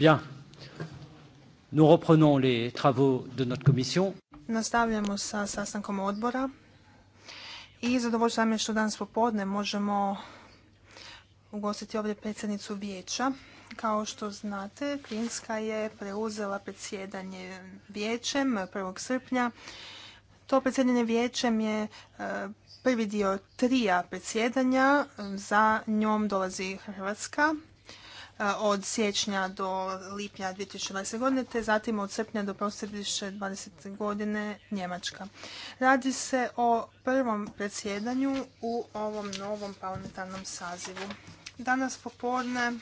Bien. Nous reprenons les travaux de notre commission. Nastavljamo sa sastankom odbora i zadovoljstvo nam je što danas popodne možemo ugostiti ovdje predsjednicu vijeća. Kao što znate, Klinska je preuzela predsjedanje vijećem 1. srpnja. To predsjedanje vijećem je e, prvi dio trija predsjedanja. Za njom dolazi Hrvatska od siječnja do lipnja 2020. godine, te zatim od srpnja do prosinca 2020. godine Njemačka. Radi se o prvom predsjedanju u ovom novom parlamentarnom sazivu. Danas popodne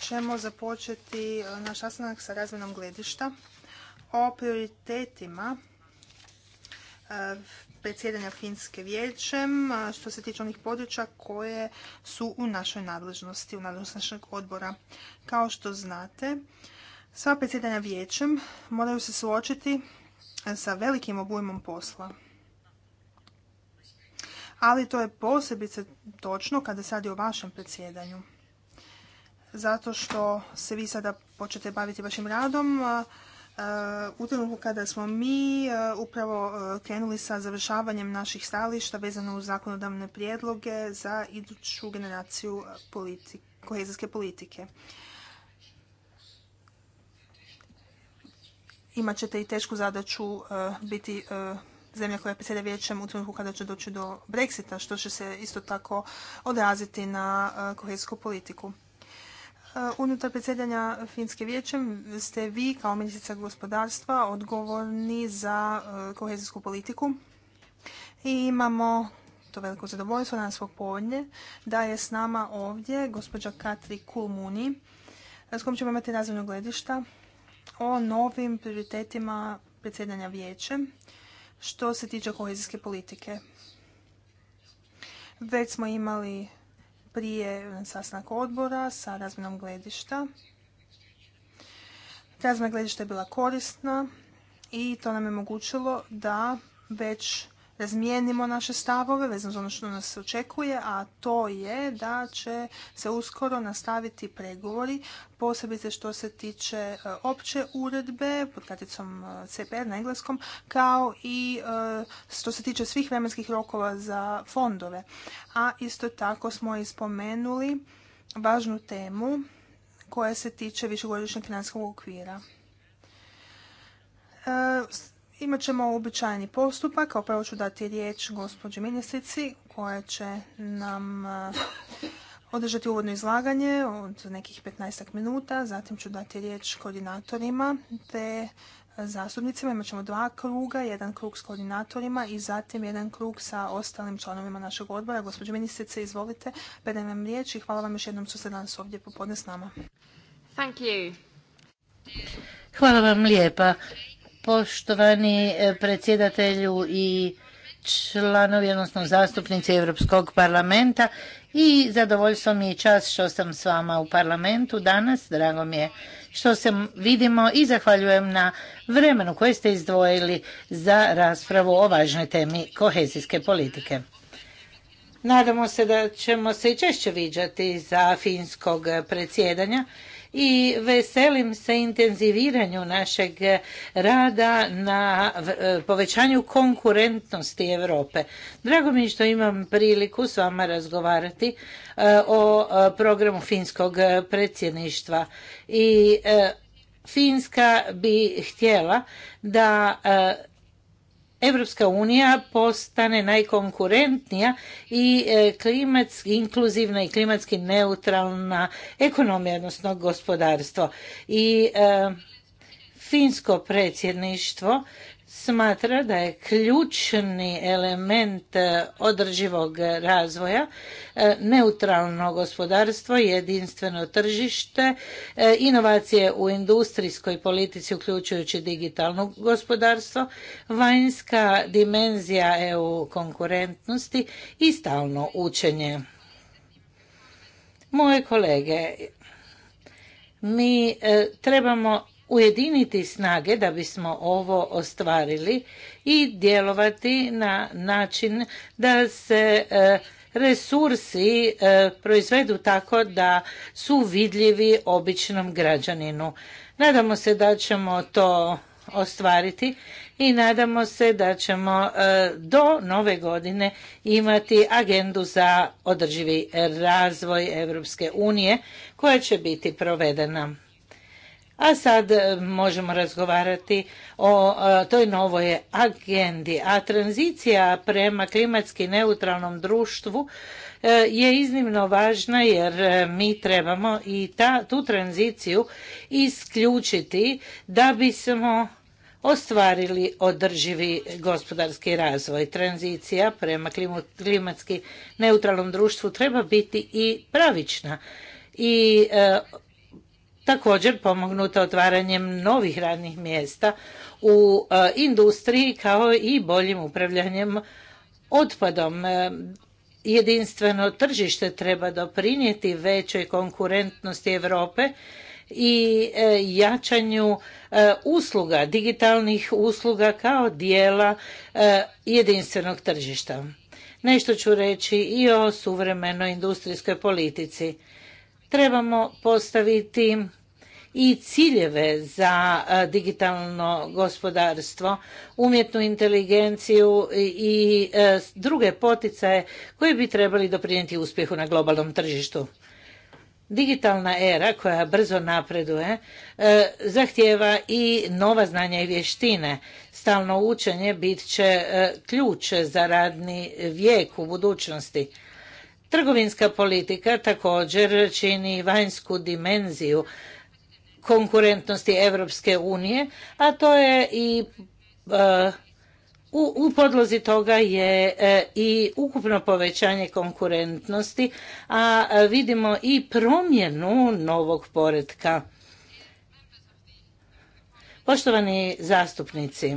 ćemo započeti e, naš sastanak sa razmjenom gledišta o prioritetima e, predsjedanja Finske vijećem što se tiče onih područja koje su u našoj nadležnosti, u nadležnosti našeg odbora. Kao što znate, sva predsjedanja vijećem moraju se suočiti sa velikim obujmom posla. Ali to je posebice točno kada se radi o vašem predsjedanju. Zato što se vi sada počete baviti vašim radom, Eh, u trenutku kada smo mi eh, upravo eh, krenuli sa završavanjem naših stajališta vezano uz zakonodavne prijedloge za iduću generaciju kohezijske politike. Imat ćete i tešku zadaću biti zemlja koja predsjeda vijećem u trenutku kada će doći do Brexita, što će se isto tako odraziti na kohezijsku politiku. Unutar predsjedanja Finske vijećem ste vi kao ministrica gospodarstva odgovorni za e, kohezijsku politiku i imamo to veliko zadovoljstvo svog povodnje da je s nama ovdje gospođa Katri Kulmuni e, s kojom ćemo imati razvojno gledišta o novim prioritetima predsjedanja vijećem što se tiče kohezijske politike. Već smo imali prije sastanak odbora sa razmjenom gledišta. Razmjena gledišta je bila korisna i to nam je omogućilo da već razmijenimo naše stavove vezano za ono što nas očekuje, a to je da će se uskoro nastaviti pregovori, posebice što se tiče e, opće uredbe pod karticom e, CPR na engleskom, kao i e, što se tiče svih vremenskih rokova za fondove. A isto tako smo i spomenuli važnu temu koja se tiče višegodišnjeg financijskog okvira Imat ćemo uobičajeni postupak. Kao prvo ću dati riječ gospođi ministrici koja će nam eh, održati uvodno izlaganje od nekih 15 minuta. Zatim ću dati riječ koordinatorima te zastupnicima. Imat ćemo dva kruga, jedan krug s koordinatorima i zatim jedan krug sa ostalim članovima našeg odbora. Gospođo ministrice, izvolite, predajem vam riječ i hvala vam još jednom što se danas ovdje popodne s nama. Hvala vam lijepa. Poštovani e, predsjedatelju i članovi, odnosno zastupnici Europskog parlamenta i zadovoljstvo mi je čast što sam s vama u parlamentu danas. Drago mi je što se vidimo i zahvaljujem na vremenu koje ste izdvojili za raspravu o važnoj temi kohezijske politike. Nadamo se da ćemo se i češće viđati za finskog predsjedanja i veselim se intenziviranju našeg rada na e, povećanju konkurentnosti Europe. Drago mi je što imam priliku s vama razgovarati e, o e, programu finskog predsjedništva i Finska bi htjela da Evropska unija postane najkonkurentnija i e, klimatski, inkluzivna i klimatski neutralna ekonomija, odnosno gospodarstvo. I e, finsko predsjedništvo smatra da je ključni element e, održivog razvoja e, neutralno gospodarstvo, jedinstveno tržište, e, inovacije u industrijskoj politici uključujući digitalno gospodarstvo, vanjska dimenzija EU konkurentnosti i stalno učenje. Moje kolege, mi trebamo ujediniti snage da bismo ovo ostvarili i djelovati na način da se e, resursi e, proizvedu tako da su vidljivi običnom građaninu. Nadamo se da ćemo to ostvariti i nadamo se da ćemo e, do nove godine imati agendu za održivi razvoj Europske unije koja će biti provedena a sad e, možemo razgovarati o e, toj novoj agendi. A tranzicija prema klimatski neutralnom društvu e, je iznimno važna jer mi trebamo i ta, tu tranziciju isključiti da bismo ostvarili održivi gospodarski razvoj. Tranzicija prema klimatski neutralnom društvu treba biti i pravična i također pomognuta otvaranjem novih radnih mjesta u e, industriji kao i boljim upravljanjem otpadom. E, jedinstveno tržište treba doprinijeti većoj konkurentnosti Europe i e, jačanju usluga, digitalnih usluga kao dijela jedinstvenog tržišta. Nešto ću reći i o suvremenoj industrijskoj politici trebamo postaviti i ciljeve za e, digitalno gospodarstvo, umjetnu inteligenciju i e, druge poticaje koji bi trebali doprinijeti uspjehu na globalnom tržištu. Digitalna era koja brzo napreduje e, zahtjeva i nova znanja i vještine. Stalno učenje bit će ključ za radni vijek u budućnosti Trgovinska politika također čini vanjsku dimenziju konkurentnosti Europske unije, a to je i e, u, podlozi toga je e, i ukupno povećanje konkurentnosti, a vidimo i promjenu novog poretka. Poštovani zastupnici,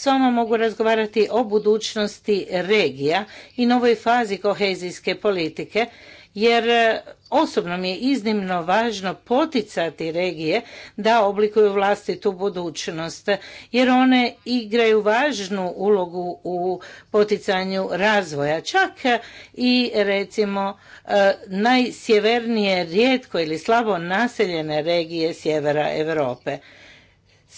s vama mogu razgovarati o budućnosti regija i novoj fazi kohezijske politike jer e, osobno mi je iznimno važno poticati regije da oblikuju vlastitu budućnost jer one igraju važnu ulogu u poticanju razvoja čak i recimo e, najsjevernije rijetko ili slabo naseljene regije sjevera Europe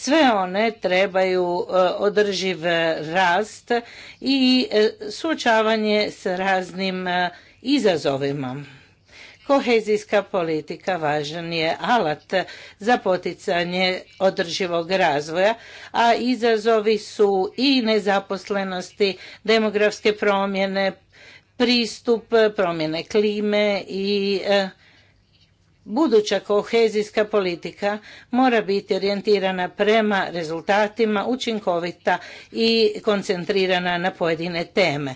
sve one trebaju e, održiv rast i e, suočavanje s raznim e, izazovima. Kohezijska politika važan je alat za poticanje održivog razvoja, a izazovi su i nezaposlenosti, demografske promjene, pristup promjene klime i Buduća kohezijska politika mora biti orijentirana prema rezultatima, učinkovita i koncentrirana na pojedine teme.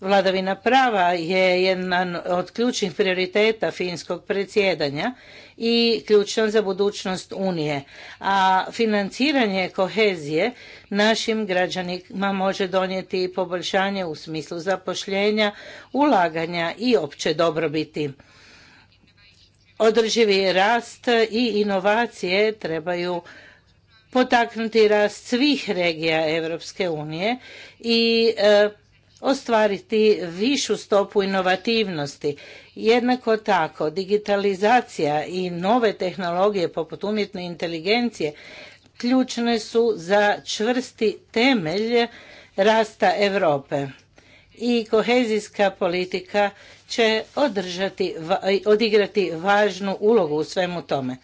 Vladavina prava je jedan od ključnih prioriteta finskog predsjedanja i ključna za budućnost Unije, a financiranje kohezije našim građanima može donijeti poboljšanje u smislu zapošljenja, ulaganja i opće dobrobiti održivi rast i inovacije trebaju potaknuti rast svih regija Europske unije i e, ostvariti višu stopu inovativnosti. Jednako tako, digitalizacija i nove tehnologije poput umjetne inteligencije ključne su za čvrsti temelj rasta Europe. I kohezijska politika će održati, odigrati važnu ulogu u svemu tome.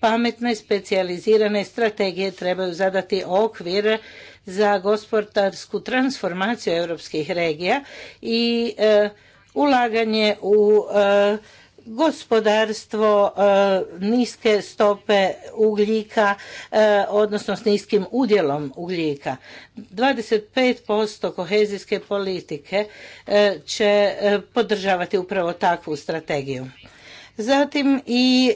Pametne, specijalizirane strategije trebaju zadati okvir za gospodarsku transformaciju europskih regija i e, ulaganje u e, gospodarstvo e, niske stope ugljika, e, odnosno s niskim udjelom ugljika. 25% kohezijske politike e, će podržavati upravo takvu strategiju. Zatim i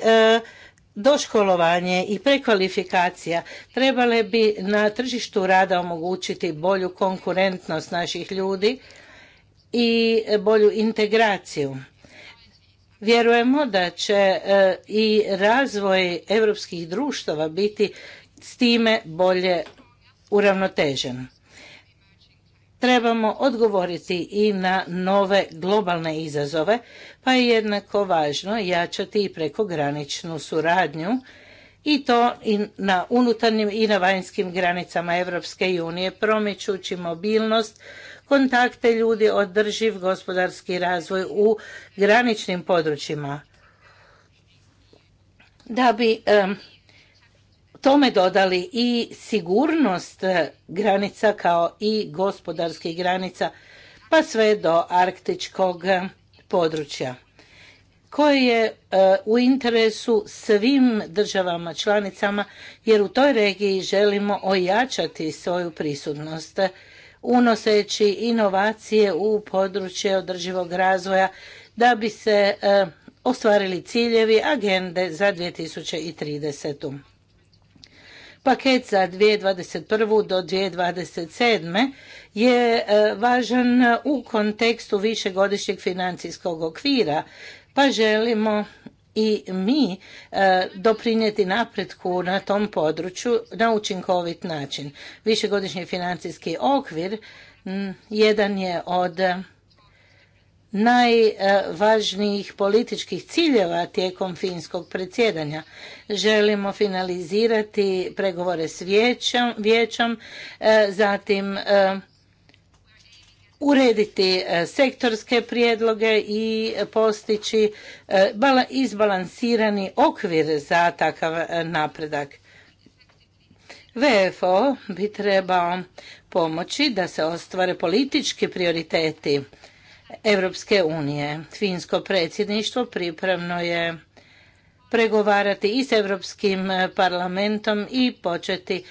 doškolovanje i prekvalifikacija trebale bi na tržištu rada omogućiti bolju konkurentnost naših ljudi i bolju integraciju Vjerujemo da će e, i razvoj europskih društava biti s time bolje uravnotežen. Trebamo odgovoriti i na nove globalne izazove, pa je jednako važno jačati i prekograničnu suradnju i to i na unutarnjim i na vanjskim granicama Europske unije promičući mobilnost, kontakte ljudi, održiv gospodarski razvoj u graničnim područjima. Da bi tome dodali i sigurnost e, granica kao i gospodarskih granica, pa sve do arktičkog e, područja koje je e, u interesu svim državama članicama jer u toj regiji želimo ojačati svoju prisutnost unoseći inovacije u područje održivog razvoja da bi se e, ostvarili ciljevi agende za 2030. Paket za 2021. do 2027. je e, važan u kontekstu višegodišnjeg financijskog okvira, pa želimo i mi e, doprinijeti napretku na tom području na učinkovit način. Višegodišnji financijski okvir jedan je od najvažnijih političkih ciljeva tijekom finskog predsjedanja. Želimo finalizirati pregovore s vijećom, e, zatim e, urediti e, sektorske prijedloge i postići e, izbalansirani okvir za takav e, napredak. VFO bi trebao pomoći da se ostvare politički prioriteti Europske unije. Finsko predsjedništvo pripremno je pregovarati i s Europskim parlamentom i početi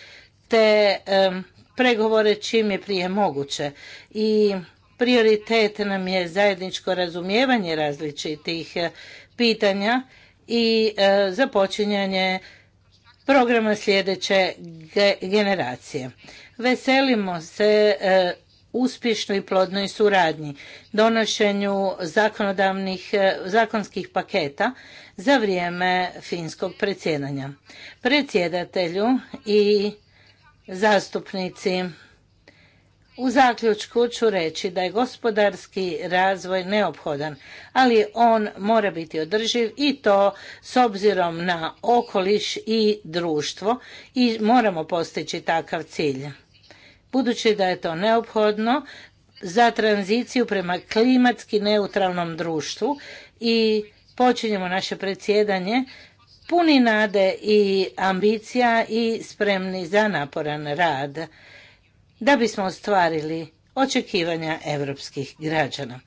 te pregovore čim je prije moguće. I prioritet nam je zajedničko razumijevanje različitih e, pitanja i e, započinjanje programa sljedeće generacije. Veselimo se e, uspješnoj i plodnoj suradnji, donošenju zakonodavnih, zakonskih paketa za vrijeme finskog predsjedanja. Predsjedatelju i zastupnici. U zaključku ću reći da je gospodarski razvoj neophodan, ali on mora biti održiv i to s obzirom na okoliš i društvo i moramo postići takav cilj. Budući da je to neophodno za tranziciju prema klimatski neutralnom društvu i počinjemo naše predsjedanje puni nade i ambicija i spremni za naporan rad da bismo ostvarili očekivanja europskih građana.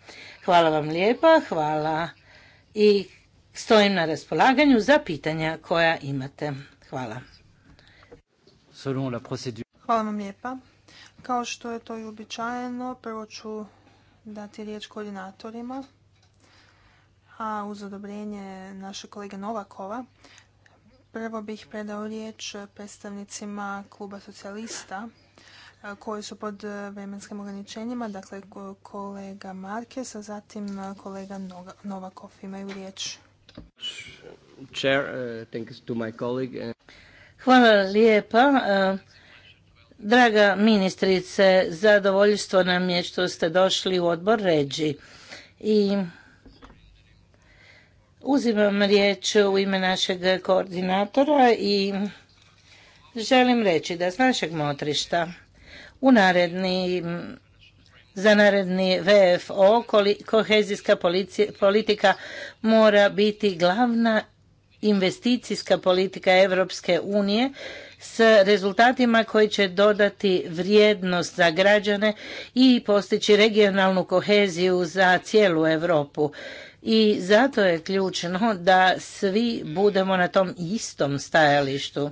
Hvala vam lijepa, hvala i stojim na raspolaganju za pitanja koja imate. Hvala. Hvala vam lijepa. Kao što je to i uobičajeno, prvo ću dati riječ koordinatorima. A uz odobrenje naše kolege Novakova, prvo bih predao riječ predstavnicima kluba socijalista koji su pod vremenskim ograničenjima, dakle kolega Markes, a zatim kolega Novakov imaju riječ. Uh, uh, Hvala lijepa. Uh, draga ministrice, zadovoljstvo nam je što ste došli u odbor Ređi i Uzimam riječ u ime našeg koordinatora i želim reći da s našeg motrišta u naredni za naredni VFO kohezijska politika mora biti glavna investicijska politika Europske unije s rezultatima koji će dodati vrijednost za građane i postići regionalnu koheziju za cijelu Europu i zato je ključno da svi budemo na tom istom stajalištu.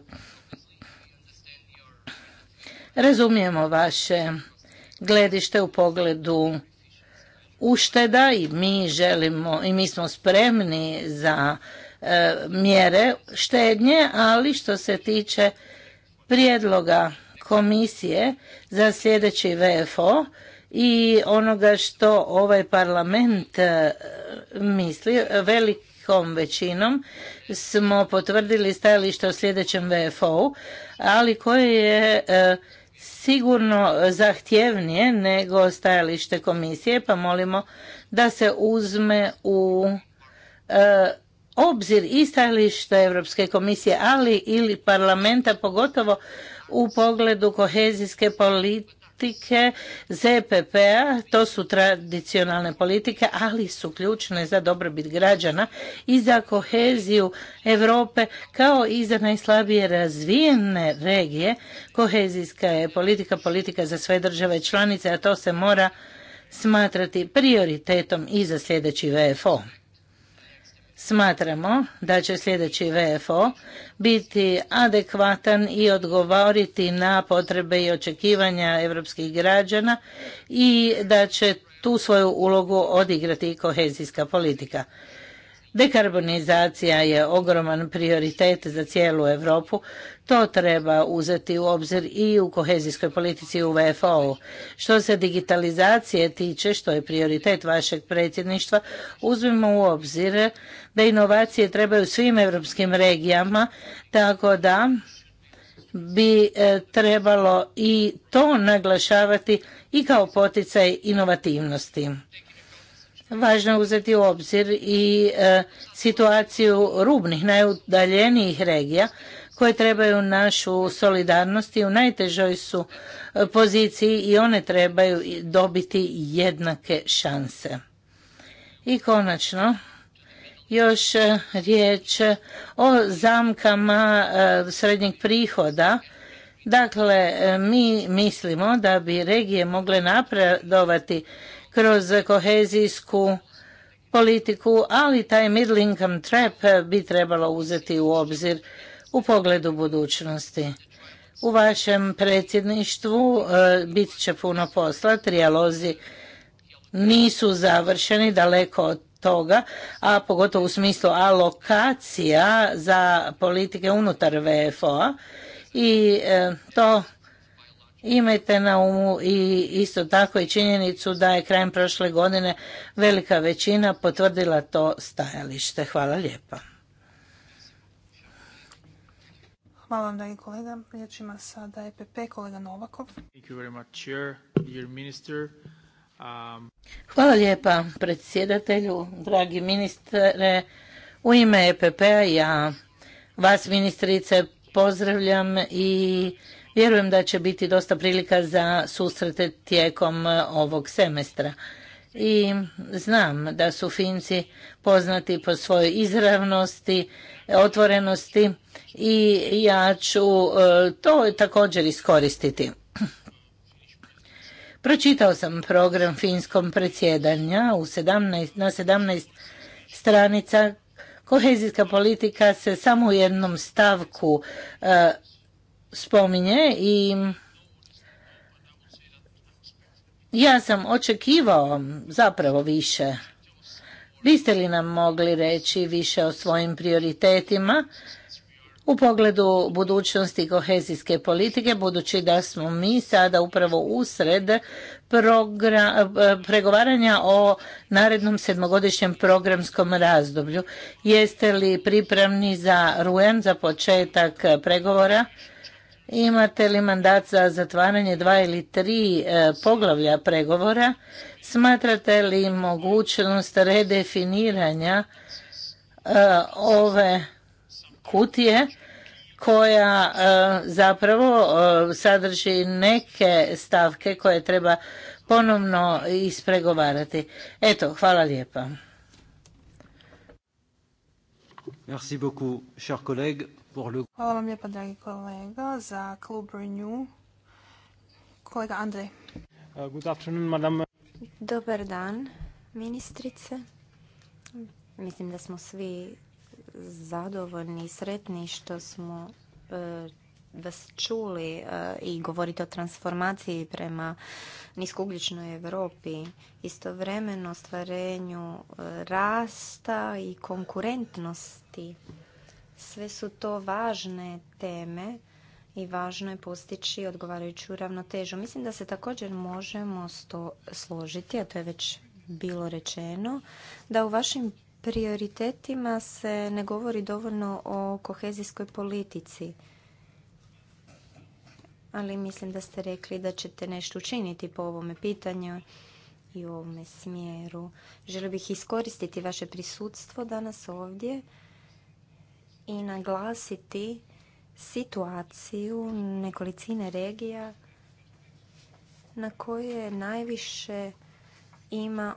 Razumijemo vaše gledište u pogledu ušteda i mi želimo i mi smo spremni za e, mjere štednje, ali što se tiče prijedloga komisije za sljedeći VFO, i onoga što ovaj parlament e, misli velikom većinom smo potvrdili stajalište o sljedećem vfo ali koje je e, sigurno zahtjevnije nego stajalište komisije, pa molimo da se uzme u e, obzir i stajalište Europske komisije, ali ili parlamenta, pogotovo u pogledu kohezijske politike politike ZPP-a, to su tradicionalne politike, ali su ključne za dobrobit građana i za koheziju Europe kao i za najslabije razvijene regije. Kohezijska je politika politika za sve države članice, a to se mora smatrati prioritetom i za sljedeći VFO. Smatramo da će sljedeći VFO biti adekvatan i odgovoriti na potrebe i očekivanja europskih građana i da će tu svoju ulogu odigrati i kohezijska politika. Dekarbonizacija je ogroman prioritet za cijelu Europu to treba uzeti u obzir i u kohezijskoj politici u VFO. -u. Što se digitalizacije tiče, što je prioritet vašeg predsjedništva, uzmimo u obzir da inovacije trebaju svim europskim regijama, tako da bi e, trebalo i to naglašavati i kao poticaj inovativnosti. Važno je uzeti u obzir i e, situaciju rubnih, najudaljenijih regija koje trebaju našu solidarnost i u najtežoj su e, poziciji i one trebaju dobiti jednake šanse. I konačno, još e, riječ o zamkama e, srednjeg prihoda. Dakle, mi mislimo da bi regije mogle napredovati kroz kohezijsku politiku, ali taj middle income trap bi trebalo uzeti u obzir u pogledu budućnosti. U vašem predsjedništvu e, bit će puno posla, trijalozi nisu završeni, daleko od toga, a pogotovo u smislu alokacija za politike unutar VFO-a i e, to imajte na umu i isto tako i činjenicu da je krajem prošle godine velika većina potvrdila to stajalište. Hvala lijepa. Hvala vam, dragi kolega. Riječ ima sada EPP, kolega Novakov. Thank um, Hvala lijepa predsjedatelju, dragi ministre. U ime EPP-a ja vas, ministrice, pozdravljam i vjerujem da će biti dosta prilika za susrete tijekom e, ovog semestra. I znam da su Finci poznati po svojoj izravnosti otvorenosti i ja ću e, to također iskoristiti. Pročitao sam program finskom predsjedanja u na 17 stranica. Kohezijska politika se samo u jednom stavku e, spominje i ja sam očekivao zapravo više Biste li nam mogli reći više o svojim prioritetima u pogledu budućnosti kohezijske politike, budući da smo mi sada upravo usred pregovaranja o narednom sedmogodišnjem programskom razdoblju. Jeste li pripremni za rujan, za početak pregovora? Imate li mandat za zatvaranje dva ili tri e, poglavlja pregovora? Smatrate li mogućnost redefiniranja e, ove kutije koja e, zapravo sadrži neke stavke koje treba ponovno ispregovarati? Eto, hvala lijepa. Merci beaucoup, cher collègue. Hvala vam lijepa, dragi kolega, za klub Renew. Kolega Andrej. Uh, Dobar dan, ministrice. Mislim da smo svi zadovoljni i sretni što smo uh, vas čuli uh, i govoriti o transformaciji prema niskougljičnoj Europi, istovremeno stvarenju rasta i konkurentnosti sve su to važne teme i važno je postići odgovarajuću ravnotežu. Mislim da se također možemo sto složiti, a to je već bilo rečeno, da u vašim prioritetima se ne govori dovoljno o kohezijskoj politici. Ali mislim da ste rekli da ćete nešto učiniti po ovome pitanju i u ovome smjeru. Želio bih iskoristiti vaše prisustvo danas ovdje i naglasiti situaciju nekolicine regija na koje najviše ima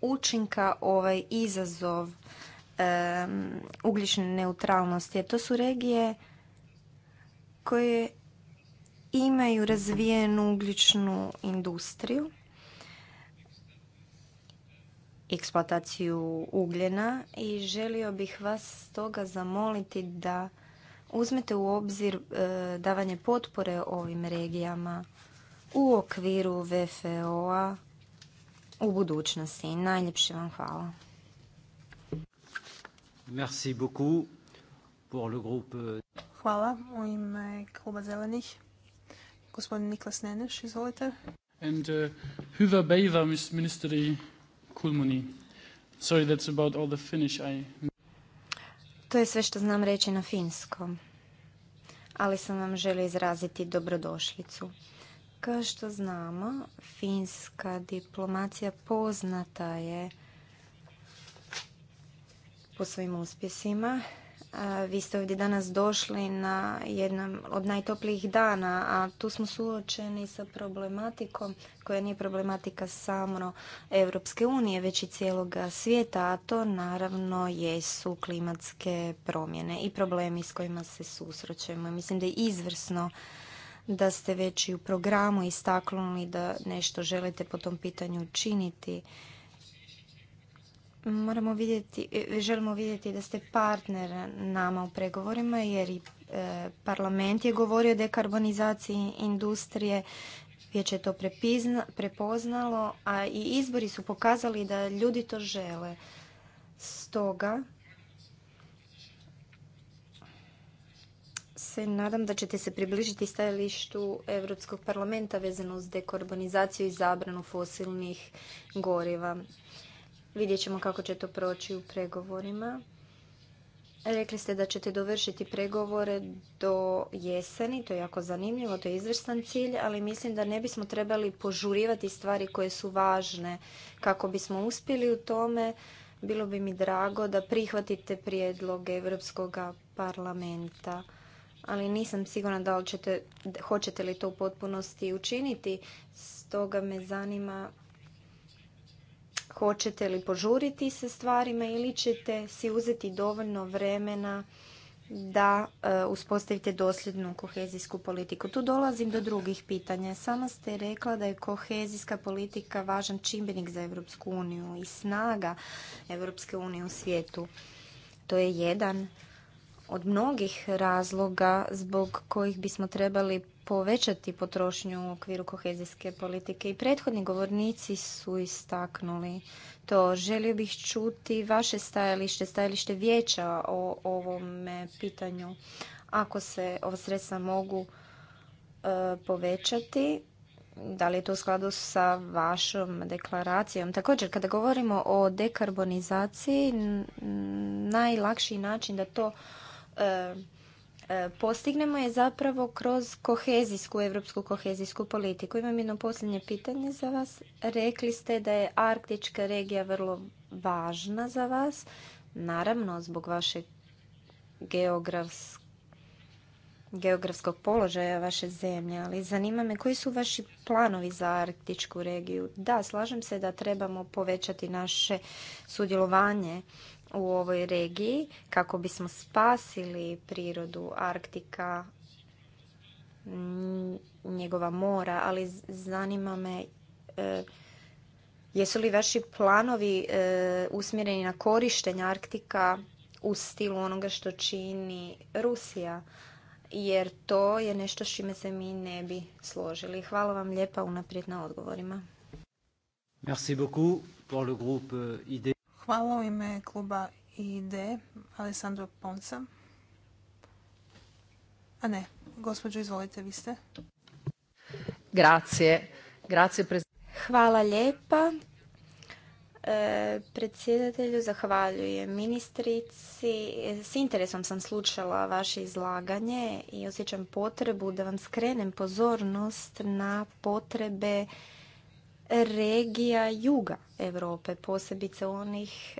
učinka ovaj izazov um, ugljične neutralnosti. To su regije koje imaju razvijenu ugljičnu industriju eksploataciju ugljena i želio bih vas stoga zamoliti da uzmete u obzir e, davanje potpore ovim regijama u okviru VFO-a u budućnosti. Najljepše vam hvala. Merci beaucoup pour le groupe. Hvala u ime kluba zelenih. Gospodin Niklas Neneš, izvolite. And uh, Kulmuni. Sorry, that's about all the Finnish I... To je sve što znam reći na finskom. Ali sam vam želio izraziti dobrodošlicu. Kao što znamo, finska diplomacija poznata je po svojim uspjesima vi ste ovdje danas došli na jednom od najtoplijih dana, a tu smo suočeni sa problematikom koja nije problematika samo Europske unije, već i cijelog svijeta, a to naravno jesu klimatske promjene i problemi s kojima se susrećemo. Mislim da je izvrsno da ste već i u programu istaknuli da nešto želite po tom pitanju učiniti moramo vidjeti, e, želimo vidjeti da ste partner nama u pregovorima jer i e, parlament je govorio o dekarbonizaciji industrije, već je to prepoznalo, a i izbori su pokazali da ljudi to žele. Stoga se nadam da ćete se približiti stajalištu Europskog parlamenta vezano uz dekarbonizaciju i zabranu fosilnih goriva. Vidjet ćemo kako će to proći u pregovorima. Rekli ste da ćete dovršiti pregovore do jeseni, to je jako zanimljivo, to je izvrstan cilj, ali mislim da ne bismo trebali požurivati stvari koje su važne. Kako bismo uspjeli u tome, bilo bi mi drago da prihvatite prijedlog Europskog parlamenta. Ali nisam sigurna da ćete, hoćete li to u potpunosti učiniti, stoga me zanima Hoćete li požuriti sa stvarima ili ćete si uzeti dovoljno vremena da e, uspostavite dosljednu kohezijsku politiku. Tu dolazim do drugih pitanja. Sama ste rekla da je kohezijska politika važan čimbenik za Europsku uniju i snaga Europske unije u svijetu. To je jedan od mnogih razloga zbog kojih bismo trebali povećati potrošnju u okviru kohezijske politike i prethodni govornici su istaknuli to. Želio bih čuti vaše stajalište, stajalište vijeća o ovom pitanju. Ako se ova sredstva mogu e, povećati, da li je to u skladu sa vašom deklaracijom? Također, kada govorimo o dekarbonizaciji, najlakši način da to E, e, postignemo je zapravo kroz kohezijsku, evropsku kohezijsku politiku. Imam jedno posljednje pitanje za vas. Rekli ste da je arktička regija vrlo važna za vas, naravno zbog vašeg geografskog geografskog položaja vaše zemlje, ali zanima me koji su vaši planovi za arktičku regiju. Da, slažem se da trebamo povećati naše sudjelovanje u ovoj regiji kako bismo spasili prirodu Arktika, njegova mora, ali zanima me e, jesu li vaši planovi e, usmjereni na korištenje Arktika u stilu onoga što čini Rusija, jer to je nešto s čime se mi ne bi složili. Hvala vam lijepa unaprijed na odgovorima. Merci beaucoup pour le groupe euh, Hvala u ime kluba ID, Alessandro Ponca. A ne, gospođo, izvolite, vi ste. Grazie. Grazie Hvala lijepa. E, predsjedatelju zahvaljujem ministrici. E, s interesom sam slušala vaše izlaganje i osjećam potrebu da vam skrenem pozornost na potrebe regija juga Europe, posebice onih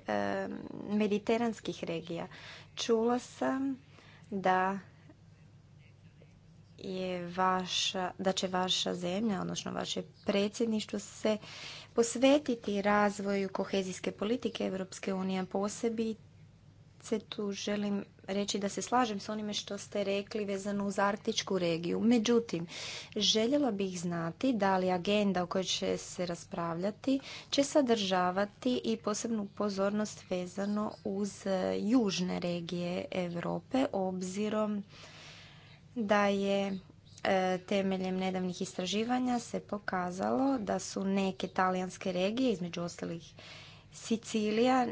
mediteranskih regija. Čula sam da je vaša, da će vaša zemlja, odnosno vaše predsjedništvo se posvetiti razvoju kohezijske politike Europske unije, posebi, tu želim reći da se slažem s onime što ste rekli vezano uz Arktičku regiju. Međutim, željela bih znati da li agenda o kojoj će se raspravljati će sadržavati i posebnu pozornost vezano uz e, južne regije Europe obzirom da je e, temeljem nedavnih istraživanja se pokazalo da su neke talijanske regije, između ostalih Sicilija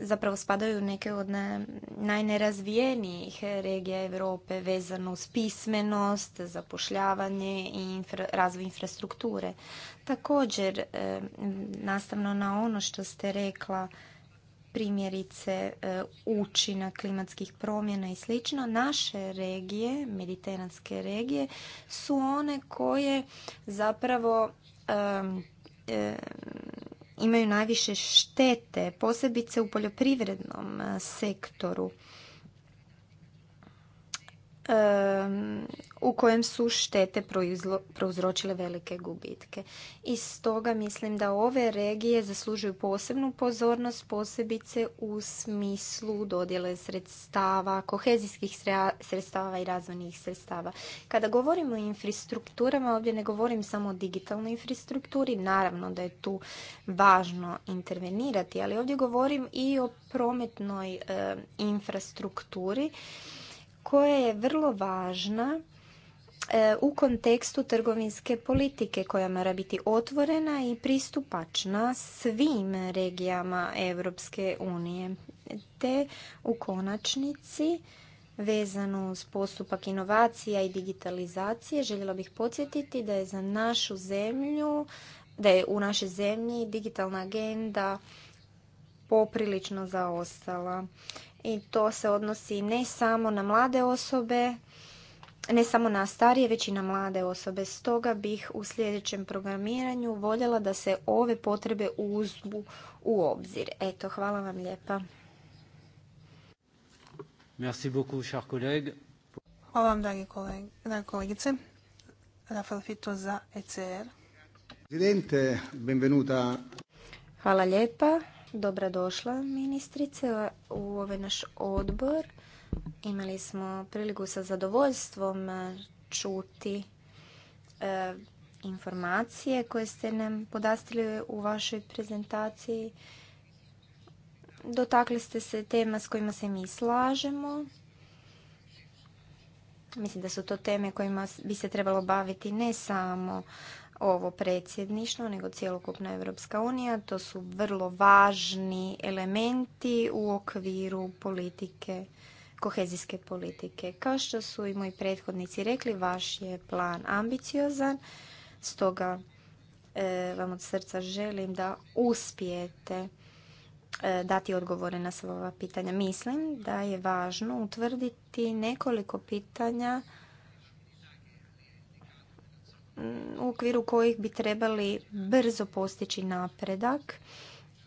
zapravo spadaju neke od najnerazvijenijih regija Europe vezano uz pismenost, zapošljavanje i razvoj infrastrukture. Također, e, nastavno na ono što ste rekla, primjerice e, učinak klimatskih promjena i slično, naše regije, mediteranske regije, su one koje zapravo e, imaju najviše štete, posebice u poljoprivrednom sektoru u kojem su štete prouzročile velike gubitke. I stoga mislim da ove regije zaslužuju posebnu pozornost, posebice u smislu dodjele sredstava, kohezijskih sredstava i razvojnih sredstava. Kada govorimo o infrastrukturama, ovdje ne govorim samo o digitalnoj infrastrukturi, naravno da je tu važno intervenirati, ali ovdje govorim i o prometnoj infrastrukturi koja je vrlo važna e, u kontekstu trgovinske politike koja mora biti otvorena i pristupačna svim regijama Europske unije te u konačnici vezano uz postupak inovacija i digitalizacije željela bih podsjetiti da je za našu zemlju da je u našoj zemlji digitalna agenda poprilično zaostala i to se odnosi ne samo na mlade osobe, ne samo na starije, već i na mlade osobe. Stoga bih u sljedećem programiranju voljela da se ove potrebe uzmu u obzir. Eto, hvala vam lijepa. Merci beaucoup, cher collègue. Hvala vam, dragi kolegice. Rafael Fito za ECR. Hvala lijepa. Dobrodošla ministrice u ovaj naš odbor. Imali smo priliku sa zadovoljstvom eh, čuti eh, informacije koje ste nam podastili u vašoj prezentaciji. Dotakli ste se tema s kojima se mi slažemo. Mislim da su to teme kojima bi se trebalo baviti ne samo ovo predsjedništvo, nego cjelokupna Evropska unija. To su vrlo važni elementi u okviru politike, kohezijske politike. Kao što su i moji prethodnici rekli, vaš je plan ambiciozan, stoga e, vam od srca želim da uspijete e, dati odgovore na sva ova pitanja. Mislim da je važno utvrditi nekoliko pitanja u okviru kojih bi trebali brzo postići napredak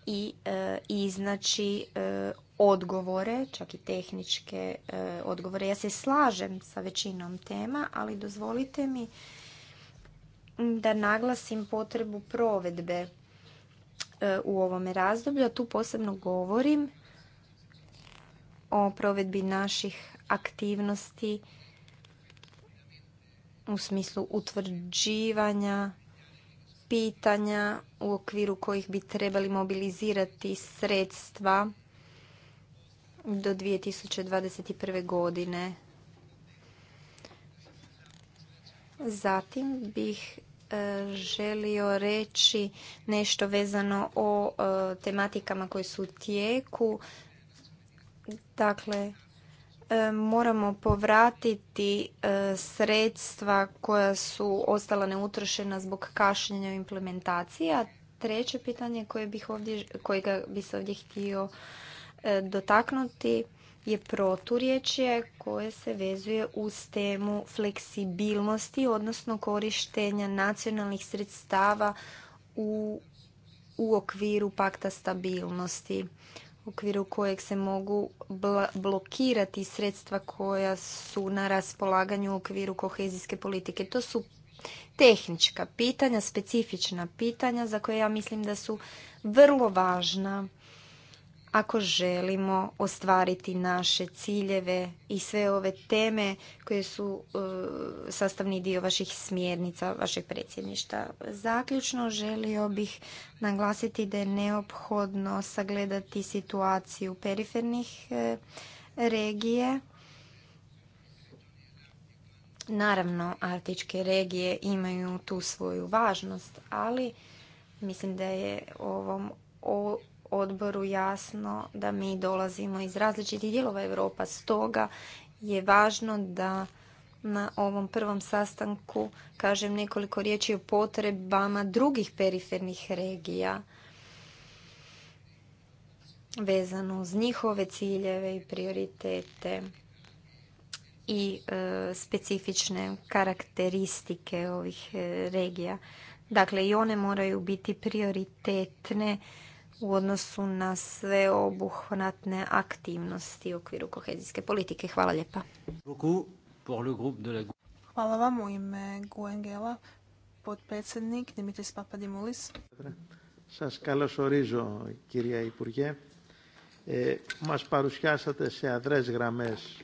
i e, iznaći e, odgovore, čak i tehničke e, odgovore. Ja se slažem sa većinom tema, ali dozvolite mi da naglasim potrebu provedbe u ovome razdoblju, tu posebno govorim o provedbi naših aktivnosti u smislu utvrđivanja pitanja u okviru kojih bi trebali mobilizirati sredstva do 2021. godine. Zatim bih e, želio reći nešto vezano o e, tematikama koje su u tijeku. Dakle, E, moramo povratiti e, sredstva koja su ostala neutrošena zbog kašnjenja implementacije. A treće pitanje koje bih ovdje, kojega bi se ovdje htio e, dotaknuti je proturječje koje se vezuje uz temu fleksibilnosti, odnosno korištenja nacionalnih sredstava u, u okviru pakta stabilnosti okviru kojeg se mogu blokirati sredstva koja su na raspolaganju u okviru kohezijske politike. To su tehnička pitanja, specifična pitanja za koje ja mislim da su vrlo važna ako želimo ostvariti naše ciljeve i sve ove teme koje su e, sastavni dio vaših smjernica, vašeg predsjedništa. Zaključno želio bih naglasiti da je neophodno sagledati situaciju perifernih e, regije. Naravno, artičke regije imaju tu svoju važnost, ali mislim da je ovom o, odboru jasno da mi dolazimo iz različitih dijelova Europa. Stoga je važno da na ovom prvom sastanku kažem nekoliko riječi o potrebama drugih perifernih regija vezano uz njihove ciljeve i prioritete i e, specifične karakteristike ovih e, regija. Dakle, i one moraju biti prioritetne u odnosu na sve obuhvatne aktivnosti u okviru kohezijske politike. Hvala lijepa. Hvala vam u ime Guengela, podpredsjednik Dimitris Papadimulis. Σας καλωσορίζω κυρία Υπουργέ. Ε, μας παρουσιάσατε σε αδρές γραμμές.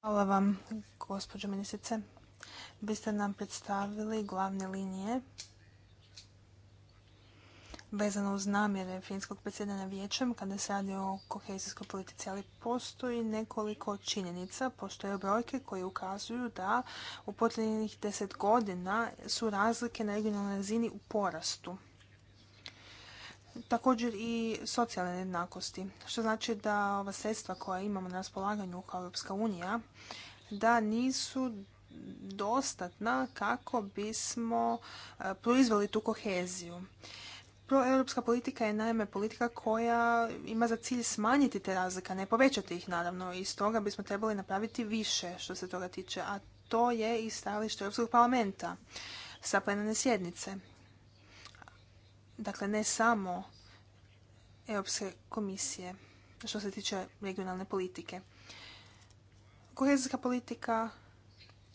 Hvala vam, gospođo ministrice. Vi να nam predstavili glavne linije vezano uz namjere finskog predsjedanja vijećem kada se radi o kohezijskoj politici, ali postoji nekoliko činjenica, postoje brojke koje ukazuju da u posljednjih deset godina su razlike na regionalnoj razini u porastu. Također i socijalne jednakosti, što znači da ova sredstva koja imamo na raspolaganju kao Europska unija, da nisu dostatna kako bismo e, proizveli tu koheziju. Proeuropska politika je naime politika koja ima za cilj smanjiti te razlike, ne povećati ih naravno i stoga bismo trebali napraviti više što se toga tiče, a to je i stajalište Europskog parlamenta sa plenarne sjednice. Dakle, ne samo Europske komisije što se tiče regionalne politike. Kohezijska politika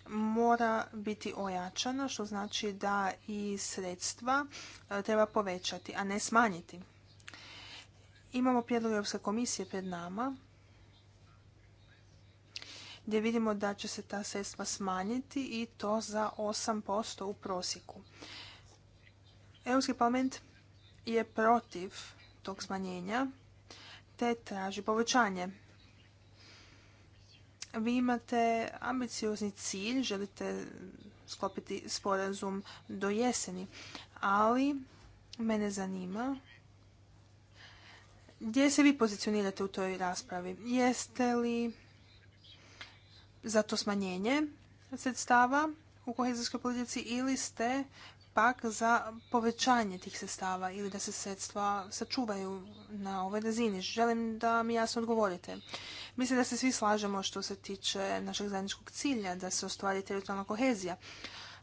mora biti ojačana, što znači da i sredstva e, treba povećati, a ne smanjiti. Imamo prijedlog Europske komisije pred nama gdje vidimo da će se ta sredstva smanjiti i to za 8% u prosjeku. Europski parlament je protiv tog smanjenja te traži povećanje vi imate ambiciozni cilj, želite sklopiti sporazum do jeseni, ali mene zanima gdje se vi pozicionirate u toj raspravi. Jeste li za to smanjenje sredstava u kohezijskoj politici ili ste pak za povećanje tih sredstava ili da se sredstva sačuvaju na ovoj razini. Želim da mi jasno odgovorite. Mislim da se svi slažemo što se tiče našeg zajedničkog cilja, da se ostvari teritorijalna kohezija,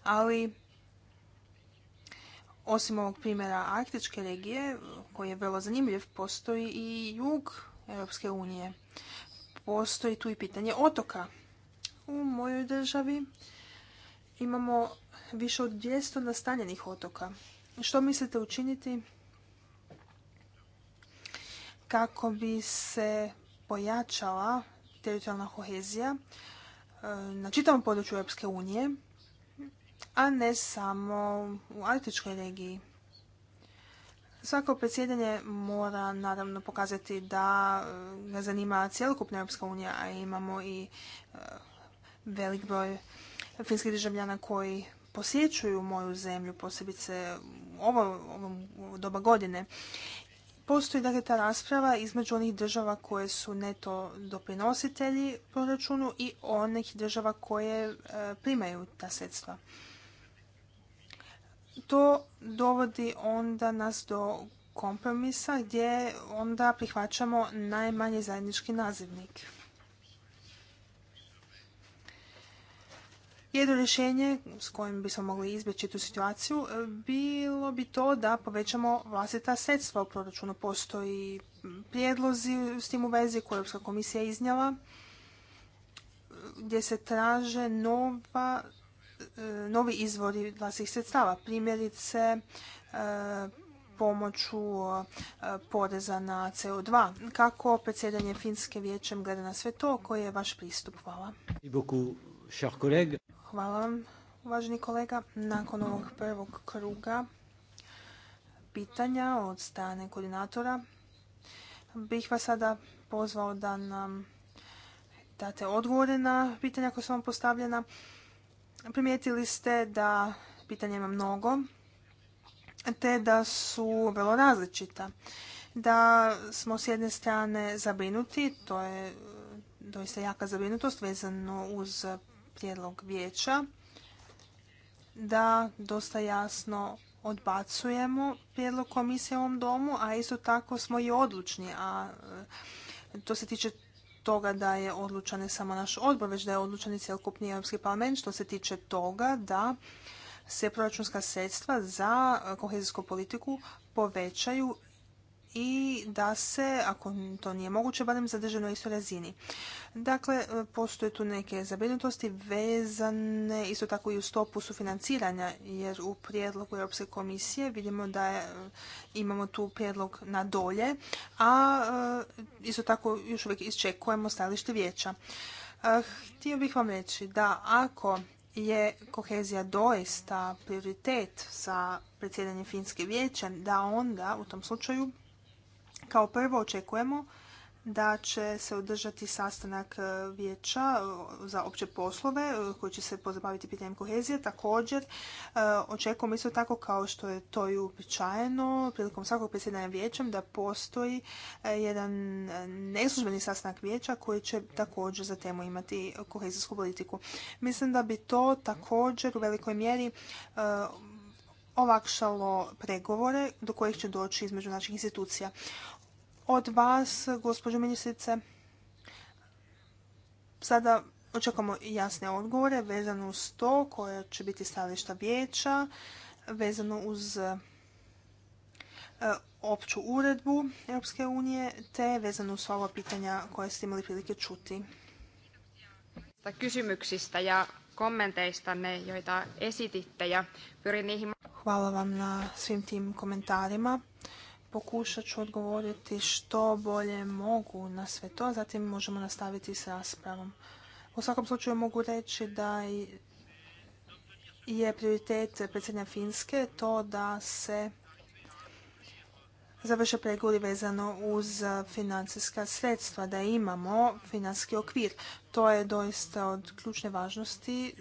ali osim ovog primjera arktičke regije, koji je vrlo zanimljiv, postoji i jug Europske unije. Postoji tu i pitanje otoka. U mojoj državi imamo više od 200 nastanjenih otoka. Što mislite učiniti kako bi se pojačala teritorijalna kohezija e, na čitavom području Europske unije, a ne samo u arktičkoj regiji? Svako predsjedanje mora naravno pokazati da ga zanima cjelokupna Europska unija, a imamo i e, velik broj finskih državljana koji posjećuju moju zemlju, posebice ovo, ovo doba godine. Postoji dakle ta rasprava između onih država koje su neto doprinositelji proračunu i onih država koje e, primaju ta sredstva. To dovodi onda nas do kompromisa gdje onda prihvaćamo najmanji zajednički nazivnik. Jedno rješenje s kojim bismo mogli izbjeći tu situaciju e, bilo bi to da povećamo vlastita sredstva u proračunu. Postoji prijedlozi s tim u vezi koje je Europska komisija iznjela e, gdje se traže e, novi izvori vlastitih sredstava. Primjerice pomoću poreza na CO2. Kako predsjedanje Finske vijećem gleda na sve to? Koji je vaš pristup? Hvala. Hvala vam, uvaženi kolega. Nakon ovog prvog kruga pitanja od strane koordinatora bih vas sada pozvao da nam date odgovore na pitanja koja su vam postavljena. Primijetili ste da pitanja ima mnogo, te da su vrlo različita. Da smo s jedne strane zabinuti, to je doista jaka zabrinutost vezano uz prijedlog vijeća da dosta jasno odbacujemo prijedlog komisije u ovom domu, a isto tako smo i odlučni, a e, to se tiče toga da je odlučan ne samo naš odbor, već da je odlučan i cjelokupni Europski parlament što se tiče toga da se proračunska sredstva za kohezijsku politiku povećaju i da se, ako to nije moguće, barem zadrže na istoj razini. Dakle, postoje tu neke zabrinutosti vezane isto tako i u stopu sufinanciranja, jer u prijedlogu Europske komisije vidimo da imamo tu prijedlog na dolje, a e, isto tako još uvijek isčekujemo stajalište vijeća. E, htio bih vam reći da ako je kohezija doista prioritet za predsjedanje Finske vijećem, da onda u tom slučaju kao prvo očekujemo da će se održati sastanak e, vijeća e, za opće poslove e, koji će se pozabaviti pitanjem kohezije. Također očekujemo isto tako kao što je to i uobičajeno prilikom svakog predsjedanja vijećem da postoji jedan neslužbeni sastanak vijeća koji će također za temu imati kohezijsku politiku. Mislim da bi to također u velikoj mjeri olakšalo pregovore do kojih će doći između naših institucija od vas, gospođo ministrice, sada očekamo jasne odgovore vezano uz to koja će biti stajališta vijeća, vezano uz e, opću uredbu Europske unije, te vezano uz ova pitanja koje ste imali prilike čuti. ja joita esititte ja Hvala vam na svim tim komentarima Pokušat ću odgovoriti što bolje mogu na sve to, zatim možemo nastaviti s raspravom. U svakom slučaju mogu reći da je prioritet predsjednja Finske to da se završe pregovori vezano uz financijska sredstva, da imamo financijski okvir. To je doista od ključne važnosti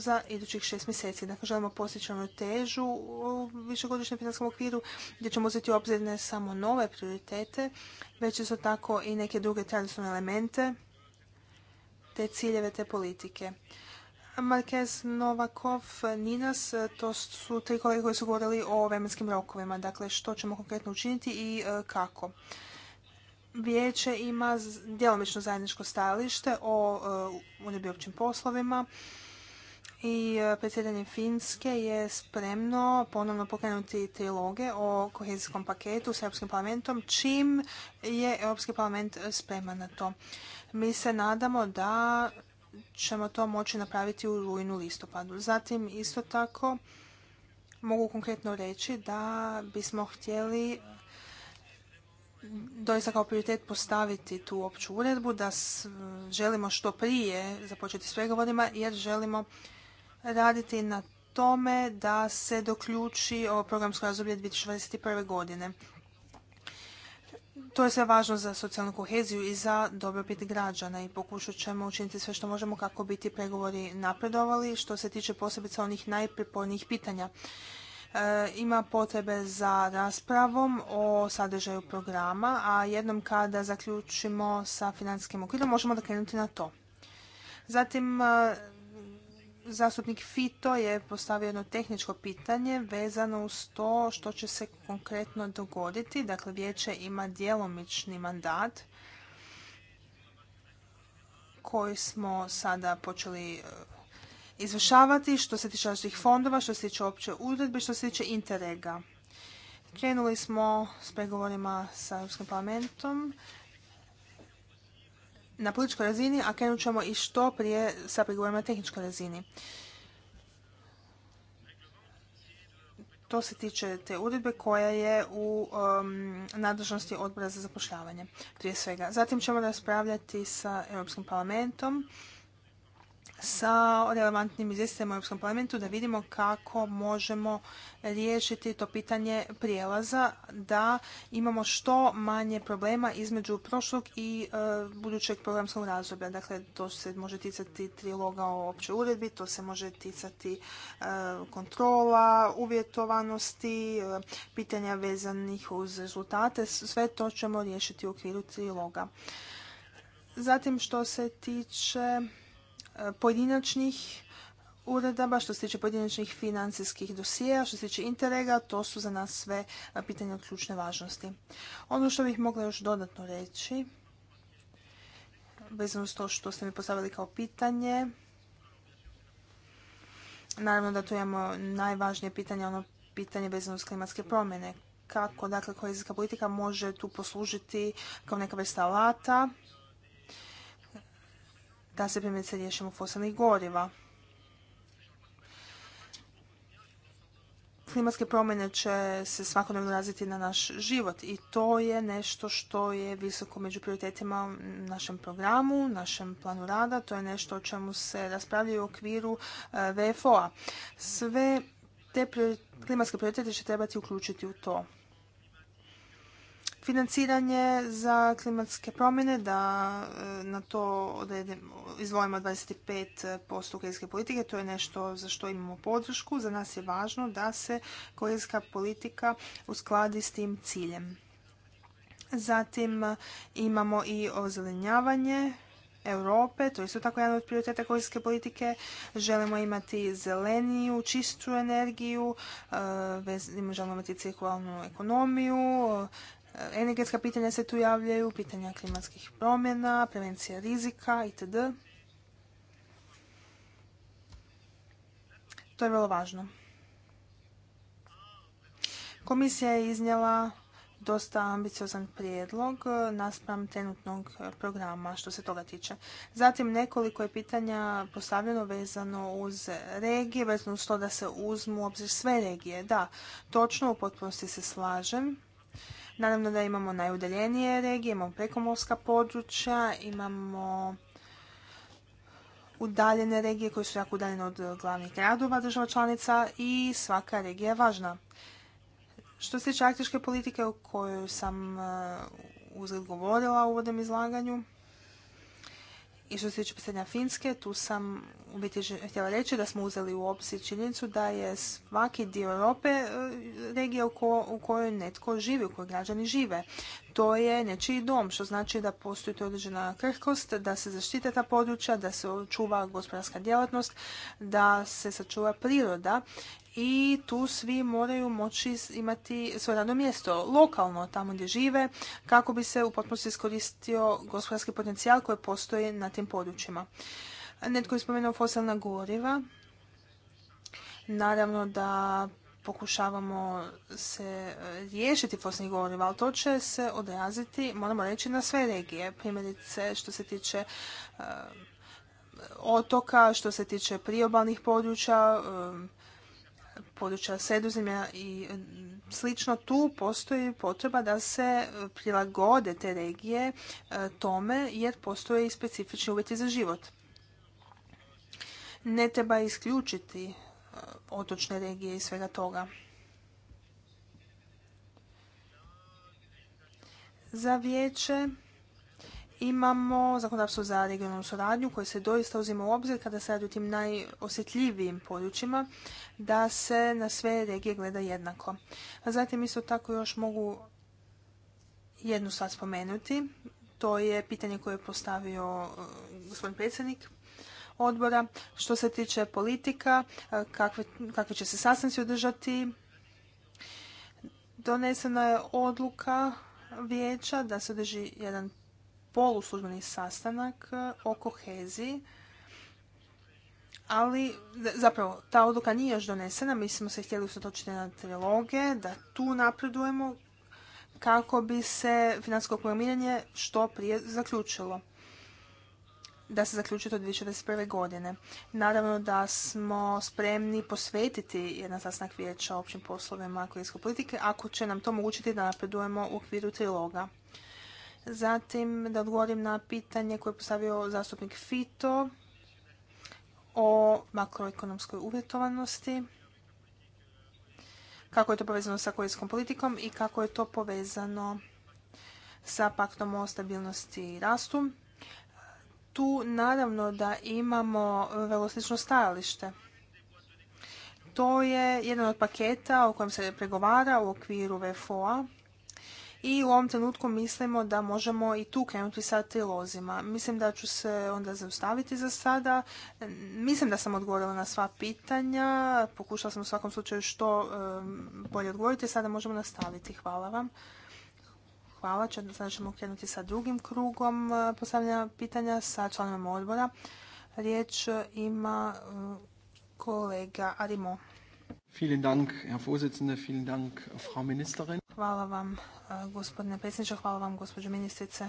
za idućih šest mjeseci. Dakle, želimo postići ravnotežu težu u višegodišnjem financijskom okviru gdje ćemo uzeti u obzir ne samo nove prioritete, već isto tako i neke druge tradicionalne elemente te ciljeve te politike. Marquez Novakov, Ninas, to su tri kolege koji su govorili o vremenskim rokovima, dakle što ćemo konkretno učiniti i e, kako. Vijeće ima djelomično zajedničko stajalište o e, uredbi općim poslovima i e, predsjedanje Finske je spremno ponovno pokrenuti triloge o kohezijskom paketu s Europskim parlamentom čim je Europski parlament spreman na to. Mi se nadamo da ćemo to moći napraviti u rujnu listopadu. Zatim isto tako mogu konkretno reći da bismo htjeli doista kao prioritet postaviti tu opću uredbu, da želimo što prije započeti s pregovorima jer želimo raditi na tome da se doključi o programsko razdoblje 2021. godine. To je sve važno za socijalnu koheziju i za dobrobit građana i pokušat ćemo učiniti sve što možemo kako biti pregovori napredovali što se tiče posebice onih najpripornijih pitanja. E, ima potrebe za raspravom o sadržaju programa, a jednom kada zaključimo sa financijskim okvirom možemo da krenuti na to. Zatim e, Zastupnik Fito je postavio jedno tehničko pitanje vezano uz to što će se konkretno dogoditi. Dakle, vijeće ima djelomični mandat koji smo sada počeli e, izvršavati što se tiče različitih fondova, što se tiče opće uredbe, što se tiče interega. Krenuli smo s pregovorima sa Europskim parlamentom na političkoj razini, a krenut ćemo i što prije sa prigovorima na tehničkoj razini. To se tiče te uredbe koja je u um, nadležnosti odbora za zapošljavanje prije svega. Zatim ćemo raspravljati sa Europskim parlamentom sa relevantnim izvjestima u Europskom parlamentu da vidimo kako možemo riješiti to pitanje prijelaza da imamo što manje problema između prošlog i e, budućeg programskog razdoblja. Dakle, to se može ticati triloga o općoj uredbi, to se može ticati e, kontrola, uvjetovanosti, e, pitanja vezanih uz rezultate. Sve to ćemo riješiti u okviru triloga. Zatim što se tiče pojedinačnih uredaba, što se tiče pojedinačnih financijskih dosjea, što se tiče interega, to su za nas sve pitanja od ključne važnosti. Ono što bih mogla još dodatno reći, vezano s to što ste mi postavili kao pitanje, naravno da tu imamo najvažnije pitanje, ono pitanje vezano s klimatske promjene. Kako, dakle, kohezijska politika može tu poslužiti kao neka vrsta alata, da se primjerice riješimo fosilnih goriva. Klimatske promjene će se svakodnevno razviti na naš život i to je nešto što je visoko među prioritetima našem programu, našem planu rada. To je nešto o čemu se raspravljaju u okviru e, VFO-a. Sve te klimatske prioritete će trebati uključiti u to financiranje za klimatske promjene, da e, na to izdvojimo 25% kohezijske politike. To je nešto za što imamo podršku. Za nas je važno da se kohezijska politika uskladi s tim ciljem. Zatim e, imamo i ozelenjavanje Europe, to je isto tako jedan od prioriteta kojske politike. Želimo imati zeleniju, čistu energiju, e, želimo imati cirkularnu ekonomiju, energetska pitanja se tu javljaju, pitanja klimatskih promjena, prevencija rizika itd. To je vrlo važno. Komisija je iznijela dosta ambiciozan prijedlog naspram trenutnog programa što se toga tiče. Zatim nekoliko je pitanja postavljeno vezano uz regije, vezano uz to da se uzmu u obzir sve regije. Da, točno, u potpunosti se slažem. Naravno da imamo najudaljenije regije, imamo prekomorska područja, imamo udaljene regije koje su jako udaljene od glavnih gradova država članica i svaka regija je važna. Što se tiče arktičke politike o kojoj sam eh, uzgled govorila u uvodnom izlaganju, i što se tiče pitanja Finske, tu sam u biti htjela reći da smo uzeli u obzir činjenicu da je svaki dio Europe e, regija u, kojoj netko živi, u kojoj građani žive. To je nečiji dom, što znači da postoji određena krhkost, da se zaštite ta područja, da se očuva gospodarska djelatnost, da se sačuva priroda i tu svi moraju moći imati svoje radno mjesto lokalno tamo gdje žive kako bi se u potpunosti iskoristio gospodarski potencijal koji postoji na tim područjima. Netko je spomenuo fosilna goriva. Naravno da pokušavamo se e, riješiti fosilnih goriva, ali to će se odraziti, moramo reći, na sve regije. Primjerice što se tiče e, otoka, što se tiče priobalnih područja, e, područja sredozemlja i mm, slično, tu postoji potreba da se e, prilagode te regije e, tome jer postoje i specifični uvjeti za život. Ne treba isključiti e, otočne regije i svega toga. Za vijeće imamo zakonodavstvo za regionalnu suradnju koje se doista uzima u obzir kada se radi o tim najosjetljivijim područjima, da se na sve regije gleda jednako. A zatim isto tako još mogu jednu stvar spomenuti. To je pitanje koje je postavio e, gospodin predsjednik odbora. Što se tiče politika, e, kakve, kakve će se sastanci održati, donesena je odluka vijeća da se održi jedan poluslužbeni sastanak e, o koheziji, ali e, zapravo ta odluka nije još donesena, mi smo se htjeli usatočiti na triloge, da tu napredujemo kako bi se financijsko programiranje što prije zaključilo da se zaključi to 2021. godine. Naravno da smo spremni posvetiti jedan sastanak vijeća općim poslovima akcijske politike ako će nam to omogućiti da napredujemo u okviru triloga. Zatim da odgovorim na pitanje koje je postavio zastupnik Fito o makroekonomskoj uvjetovanosti, kako je to povezano sa kojeskom politikom i kako je to povezano sa paktom o stabilnosti i rastu. Tu naravno da imamo vrlo slično stajalište. To je jedan od paketa o kojem se pregovara u okviru VFO-a i u ovom trenutku mislimo da možemo i tu krenuti sa trilozima. Mislim da ću se onda zaustaviti za sada. Mislim da sam odgovorila na sva pitanja. Pokušala sam u svakom slučaju što bolje odgovoriti. Sada možemo nastaviti. Hvala vam. Hvala. Sada ćemo krenuti sa drugim krugom e, postavljanja pitanja sa članovima odbora. Riječ ima e, kolega Arimo. Vielen Dank, Herr vielen Dank, Frau Ministerin. Hvala vam, e, gospodine predsjedniče, hvala vam, gospođo ministrice.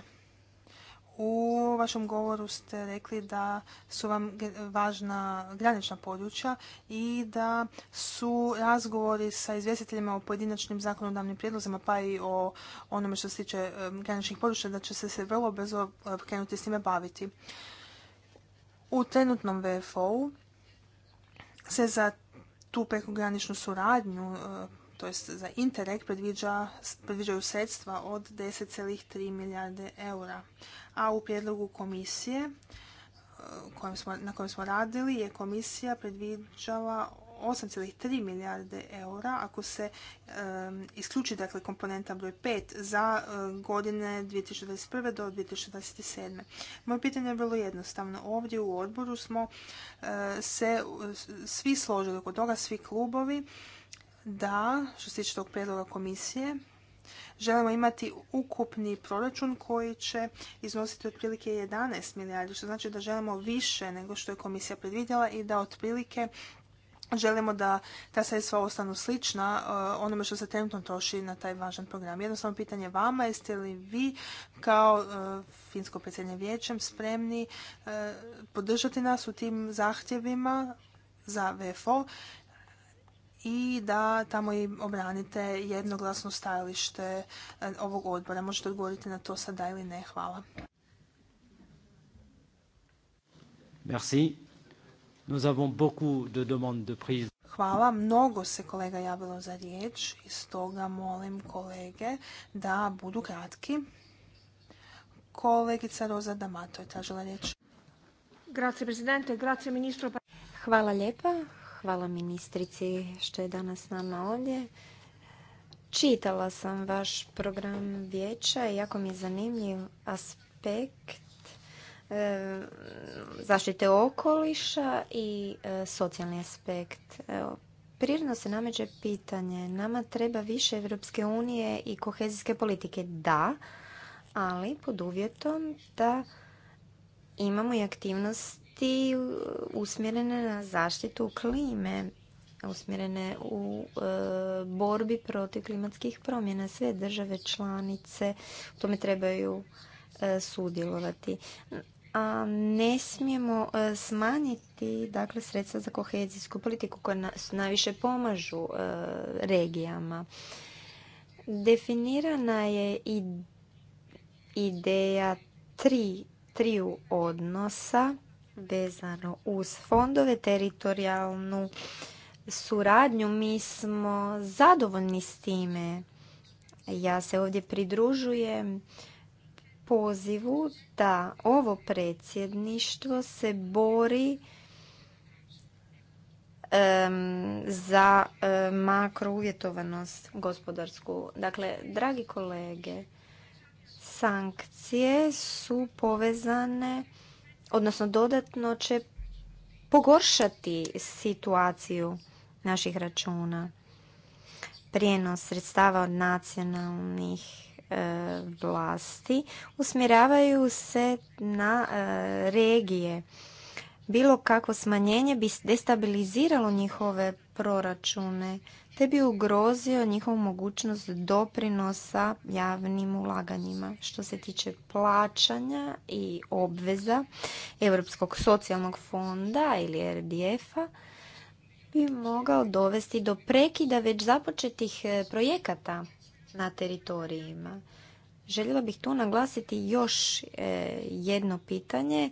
U vašem govoru ste rekli da su vam važna granična područja i da su razgovori sa izvjestiteljima o pojedinačnim zakonodavnim prijedlozima pa i o onome što se tiče e, graničnih područja da će se se vrlo brzo e, krenuti s time baviti. U trenutnom VFO-u se za tu prekograničnu suradnju to jest za Interreg predviđa, predviđaju sredstva od 10,3 milijarde eura. A u prijedlogu komisije e, smo, na kojem smo radili je komisija predviđala 8,3 milijarde eura ako se e, isključi dakle komponenta broj 5 za e, godine 2021. do 2027. Moje pitanje je vrlo jednostavno. Ovdje u odboru smo se svi složili oko toga, svi klubovi da, što se tiče tog prijedloga komisije, želimo imati ukupni proračun koji će iznositi otprilike 11 milijardi, što znači da želimo više nego što je komisija predvidjela i da otprilike želimo da ta sredstva ostanu slična e, onome što se trenutno troši na taj važan program. Jednostavno pitanje vama, jeste li vi kao e, Finsko predsjednje vijećem spremni e, podržati nas u tim zahtjevima za VFO i da tamo i obranite jednoglasno stajalište e, ovog odbora. Možete odgovoriti na to sada ili ne. Hvala. Merci. Nous avons beaucoup de demandes de prise. Hvala. Mnogo se kolega javilo za riječ i stoga molim kolege da budu kratki. Kolegica Roza Damato je tražila riječ. Grazie, presidente. Grazie, ministro. Hvala lijepa. Hvala ministrici što je danas s nama ovdje. Čitala sam vaš program vijeća i jako mi je zanimljiv aspekt e, zaštite okoliša i e, socijalni aspekt. prirodno se nameće pitanje. Nama treba više Europske unije i kohezijske politike. Da, ali pod uvjetom da imamo i aktivnost biti usmjerene na zaštitu klime, usmjerene u e, borbi protiv klimatskih promjena. Sve države članice u tome trebaju e, sudjelovati. A ne smijemo e, smanjiti dakle, sredstva za kohezijsku politiku koja najviše pomažu regijama. Definirana je i ideja tri triju odnosa vezano uz fondove, teritorijalnu suradnju. Mi smo zadovoljni s time. Ja se ovdje pridružujem pozivu da ovo predsjedništvo se bori za makro makrouvjetovanost gospodarsku. Dakle, dragi kolege, sankcije su povezane odnosno dodatno će pogoršati situaciju naših računa. Prijenos sredstava od nacionalnih e, vlasti usmjeravaju se na e, regije. Bilo kako smanjenje bi destabiliziralo njihove proračune, te bi ugrozio njihovu mogućnost doprinosa javnim ulaganjima. Što se tiče plaćanja i obveza Europskog socijalnog fonda ili RDF-a, bi mogao dovesti do prekida već započetih e, projekata na teritorijima. Željela bih tu naglasiti još e, jedno pitanje,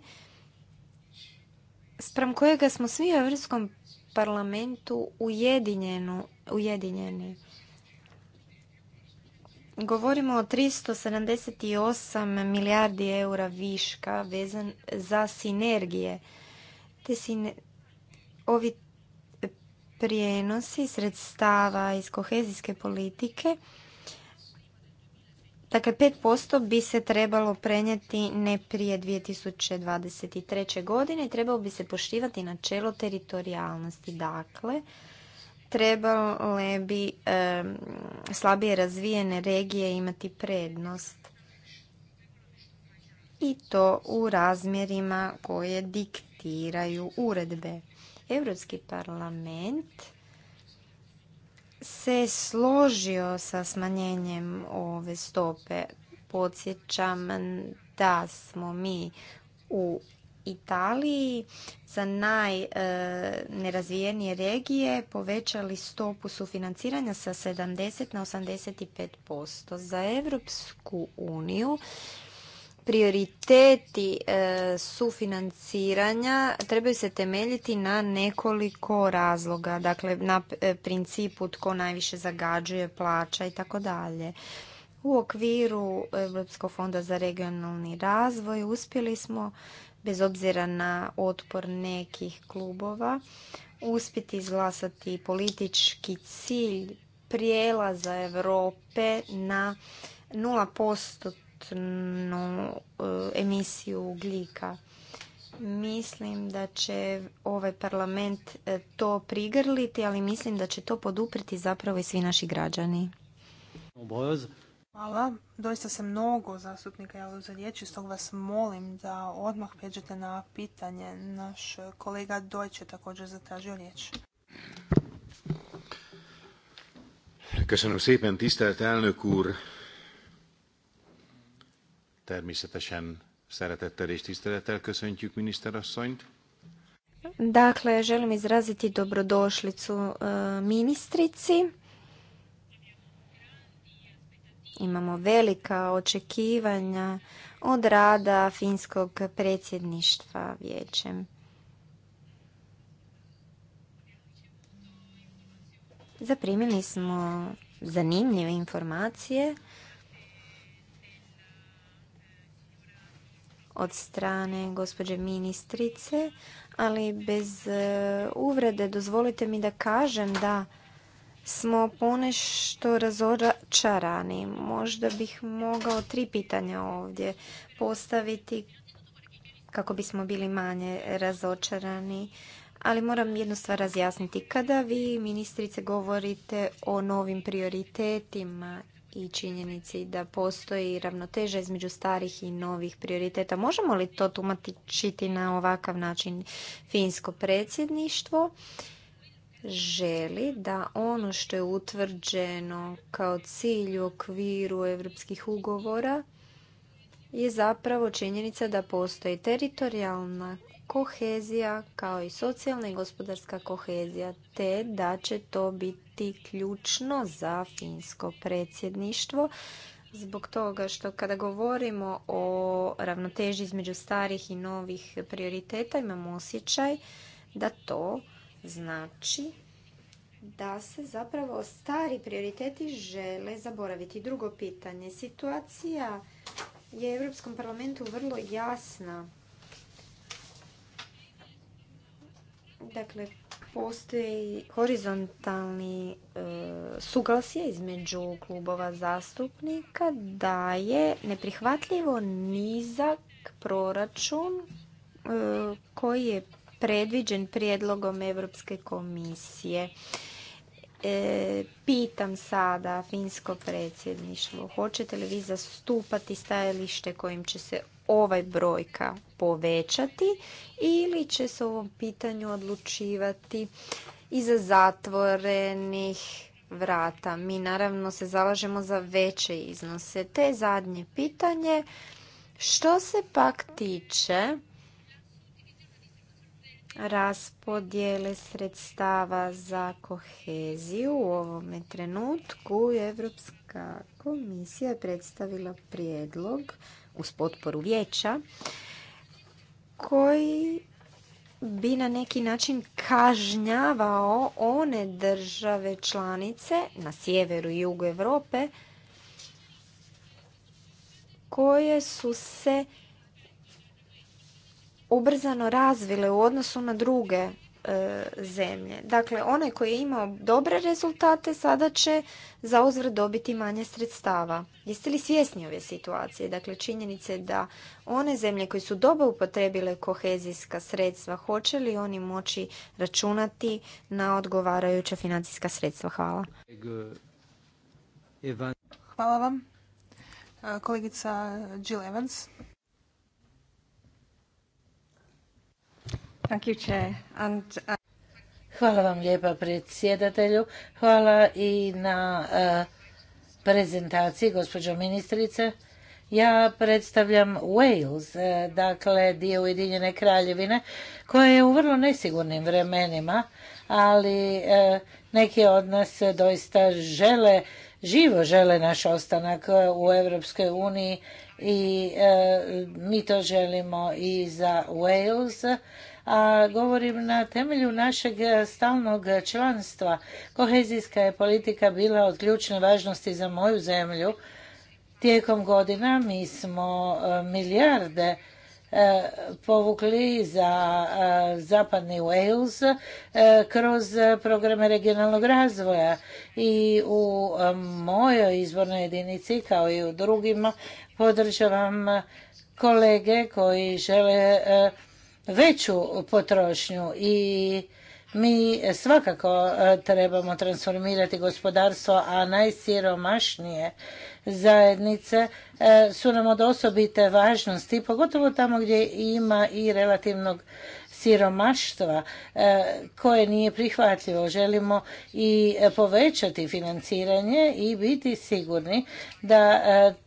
sprem kojega smo svi u Europskom parlamentu ujedinjenu, ujedinjeni. Govorimo o 378 milijardi eura viška vezan za sinergije. Te sine, ovi prijenosi sredstava iz kohezijske politike Dakle, 5% bi se trebalo prenijeti ne prije 2023. godine i trebalo bi se poštivati načelo teritorijalnosti. Dakle, trebale bi slabije razvijene regije imati prednost i to u razmjerima koje diktiraju uredbe. Europski parlament se složio sa smanjenjem ove stope. Podsjećam da smo mi u Italiji za najnerazvijenije e, regije povećali stopu sufinanciranja sa 70 na 85%. Za Europsku uniju prioriteti e, sufinanciranja trebaju se temeljiti na nekoliko razloga, dakle na e, principu tko najviše zagađuje, plaća i tako dalje. U okviru Europskog fonda za regionalni razvoj uspjeli smo bez obzira na otpor nekih klubova uspjeti izglasati politički cilj prijelaza Europe na 0% trenutnu e, emisiju ugljika. Mislim da će ovaj parlament e, to prigrliti, ali mislim da će to podupriti zapravo i svi naši građani. Hvala. Doista se mnogo zastupnika javilo za riječ i stoga vas molim da odmah pređete na pitanje. Naš kolega Dojč je također zatražio riječ. Köszönöm Természetesen szeretettel és tisztelettel köszöntjük miniszterasszonyt. Dakle, želim izraziti dobrodošlicu e, ministrici. Imamo velika očekivanja od rada finskog predsjedništva vijećem. Zaprimili smo zanimljive informacije od strane gospođe ministrice, ali bez e, uvrede dozvolite mi da kažem da smo ponešto razočarani. Možda bih mogao tri pitanja ovdje postaviti kako bismo bili manje razočarani. Ali moram jednu stvar razjasniti. Kada vi, ministrice, govorite o novim prioritetima i činjenici da postoji ravnoteža između starih i novih prioriteta. Možemo li to tumačiti na ovakav način? Finsko predsjedništvo želi da ono što je utvrđeno kao cilj u okviru europskih ugovora je zapravo činjenica da postoji teritorijalna kohezija kao i socijalna i gospodarska kohezija te da će to biti ključno za finsko predsjedništvo zbog toga što kada govorimo o ravnoteži između starih i novih prioriteta imamo osjećaj da to znači da se zapravo stari prioriteti žele zaboraviti. Drugo pitanje, situacija je Europskom parlamentu vrlo jasna. Dakle, postoji horizontalni e, suglasje između klubova zastupnika da je neprihvatljivo nizak proračun e, koji je predviđen prijedlogom Europske komisije. E, pitam sada finsko predsjedništvo, hoćete li vi zastupati stajalište kojim će se ovaj brojka povećati ili će se ovom pitanju odlučivati iza zatvorenih vrata? Mi naravno se zalažemo za veće iznose. Te zadnje pitanje, što se pak tiče raspodjele sredstava za koheziju. U ovome trenutku je Europska komisija predstavila prijedlog uz potporu vijeća koji bi na neki način kažnjavao one države članice na sjeveru i jugu Europe koje su se ubrzano razvile u odnosu na druge e, zemlje. Dakle, onaj koji je imao dobre rezultate sada će za dobiti manje sredstava. Jeste li svjesni ove situacije? Dakle, činjenice da one zemlje koje su dobro upotrebile kohezijska sredstva, hoće li oni moći računati na odgovarajuća financijska sredstva? Hvala. Hvala vam. E, kolegica Jill Evans. Uh, Hvala vam lijepa predsjedatelju. Hvala i na uh, prezentaciji, gospođo ministrice. Ja predstavljam Wales, uh, dakle dio Ujedinjene kraljevine, koja je u vrlo nesigurnim vremenima, ali neki od nas doista žele, živo žele naš ostanak u Europskoj uniji i mi to želimo i za Wales a govorim na temelju našeg e, stalnog članstva. Kohezijska je politika bila od ključne važnosti za moju zemlju. Tijekom godina mi smo e, milijarde e, povukli za zapadni Wales kroz programe regionalnog razvoja i u mojoj izbornoj jedinici kao i u drugima podržavam kolege koji žele veću potrošnju i mi svakako e, trebamo transformirati gospodarstvo, a najsiromašnije zajednice e, su nam od osobite važnosti, pogotovo tamo gdje ima i relativnog siromaštva e, koje nije prihvatljivo. Želimo i povećati financiranje i biti sigurni da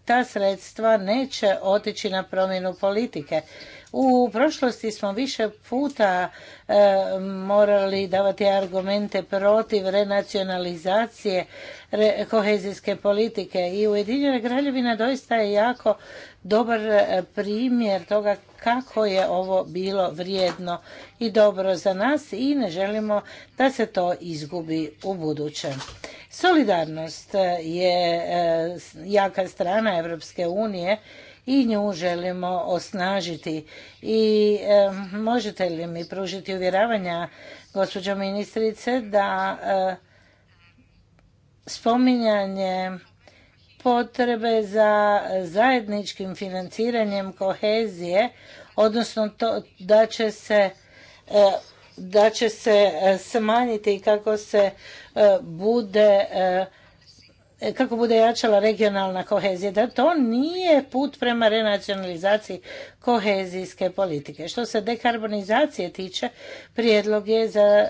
ta sredstva neće otići na promjenu politike u prošlosti smo više puta e, morali davati argumente protiv renacionalizacije kohezijske politike i Ujedinjena Kraljevina doista je jako dobar e, primjer toga kako je ovo bilo vrijedno i dobro za nas i ne želimo da se to izgubi u budućem. Solidarnost e, je jaka strana Europske unije i nju želimo osnažiti. I možete li mi pružiti uvjeravanja, gospođo ministrice, da eh, spominjanje potrebe za zajedničkim financiranjem kohezije, odnosno da će se eh, da će se eh, smanjiti kako se bude E, kako bude jačala regionalna kohezija, da to nije put prema renacionalizaciji kohezijske politike. Što se dekarbonizacije tiče, prijedlog je za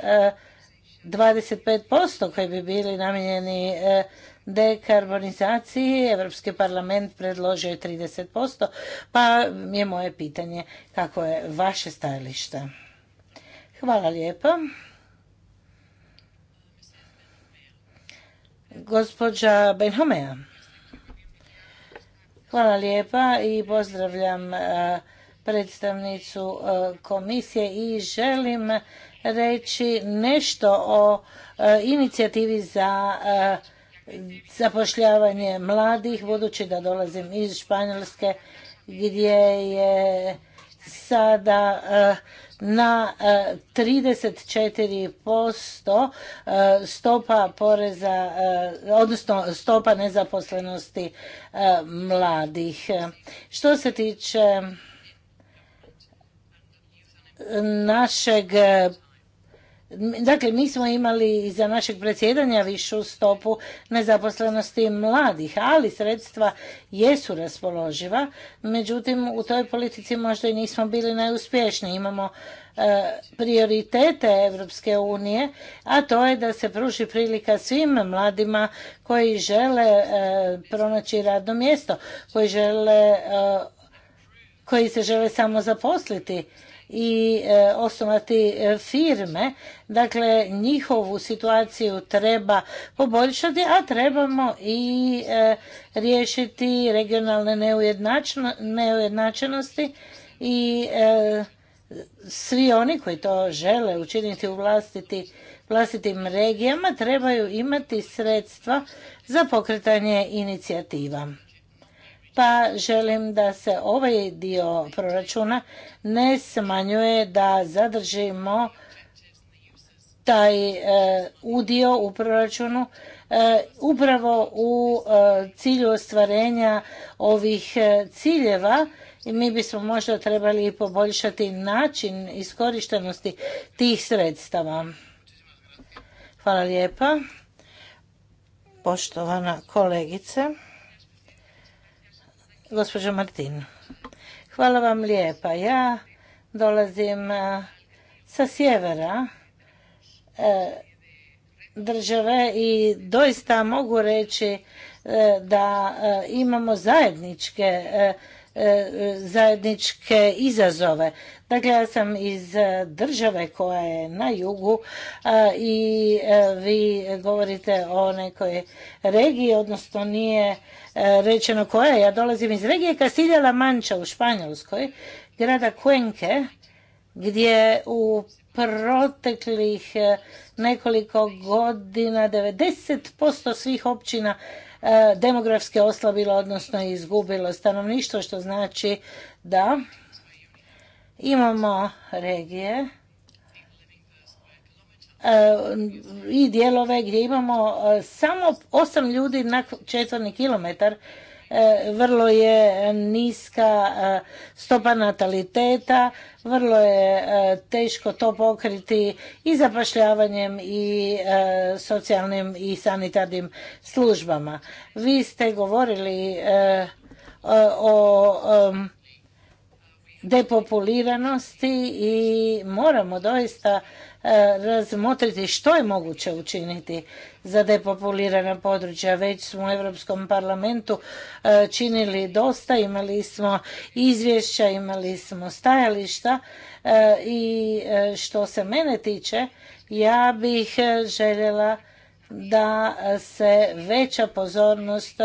25% e, koji bi bili namijenjeni e, dekarbonizaciji. Europski parlament predložio je 30%, pa je moje pitanje kako je vaše stajalište. Hvala lijepa. Gospođa Benhomea. Hvala lijepa i pozdravljam e, predstavnicu e, komisije i želim reći nešto o e, inicijativi za zapošljavanje mladih, budući da dolazim iz Španjolske gdje je sada na 34% e, e, stopa poreza, e, odnosno stopa nezaposlenosti mladih. Što se tiče našeg Dakle, mi smo imali za našeg predsjedanja višu stopu nezaposlenosti mladih, ali sredstva jesu raspoloživa, međutim u toj politici možda i nismo bili najuspješniji. Imamo e, prioritete Europske unije, a to je da se pruži prilika svim mladima koji žele e, pronaći radno mjesto, koji, žele, e, koji se žele samo zaposliti i e, osnovati e, firme. Dakle, njihovu situaciju treba poboljšati, a trebamo i e, riješiti regionalne neujednačenosti i svi oni koji to žele učiniti u vlastiti vlastitim regijama trebaju imati sredstva za pokretanje inicijativa pa želim da se ovaj dio proračuna ne smanjuje da zadržimo taj e, udio u proračunu e, upravo u e, cilju ostvarenja ovih ciljeva i mi bismo možda trebali poboljšati način iskorištenosti tih sredstava. Hvala lijepa. Poštovana kolegice. Gospođo Martin, hvala vam lijepa. Ja dolazim eh, sa sjevera eh, države i doista mogu reći eh, da imamo zajedničke E, zajedničke izazove. Dakle, ja sam iz e, države koja je na jugu i e, vi govorite o nekoj regiji, odnosno nije rečeno koja Ja dolazim iz regije Castilla La Mancha u Španjolskoj, grada Cuenque, gdje u proteklih nekoliko godina 90% svih općina E, demografski oslabilo, odnosno izgubilo stanovništvo, što znači da imamo regije e, i dijelove gdje imamo e, samo osam ljudi na četvrni kilometar E, vrlo je niska e, stopa nataliteta, vrlo je e, teško to pokriti i zapošljavanjem i socijalnim i sanitarnim službama. Vi ste govorili o depopuliranosti i moramo doista E, razmotriti što je moguće učiniti za depopulirana područja. Već smo u Europskom parlamentu e, činili dosta, imali smo izvješća, imali smo stajališta e, i što se mene tiče, ja bih željela da se veća pozornost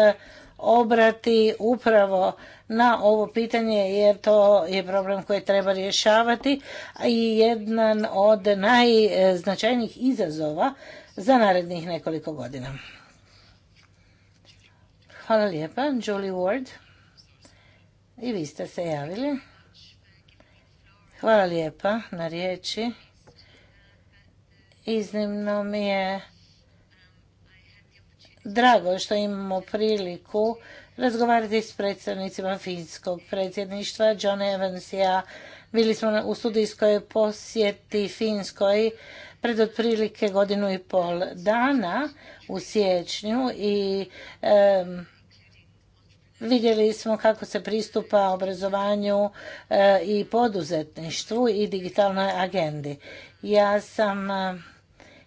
obrati upravo na ovo pitanje jer to je problem koji treba rješavati i jedan od najznačajnijih izazova za narednih nekoliko godina. Hvala lijepa. Julie Ward. I vi ste se javili. Hvala lijepa na riječi. Iznimno mi je drago što imamo priliku razgovarati s predstavnicima finskog predsjedništva. John Evans i ja bili smo u studijskoj posjeti Finskoj pred otprilike godinu i pol dana u siječnju i vidjeli smo kako se pristupa obrazovanju e, i poduzetništvu i digitalnoj agendi. Ja sam e,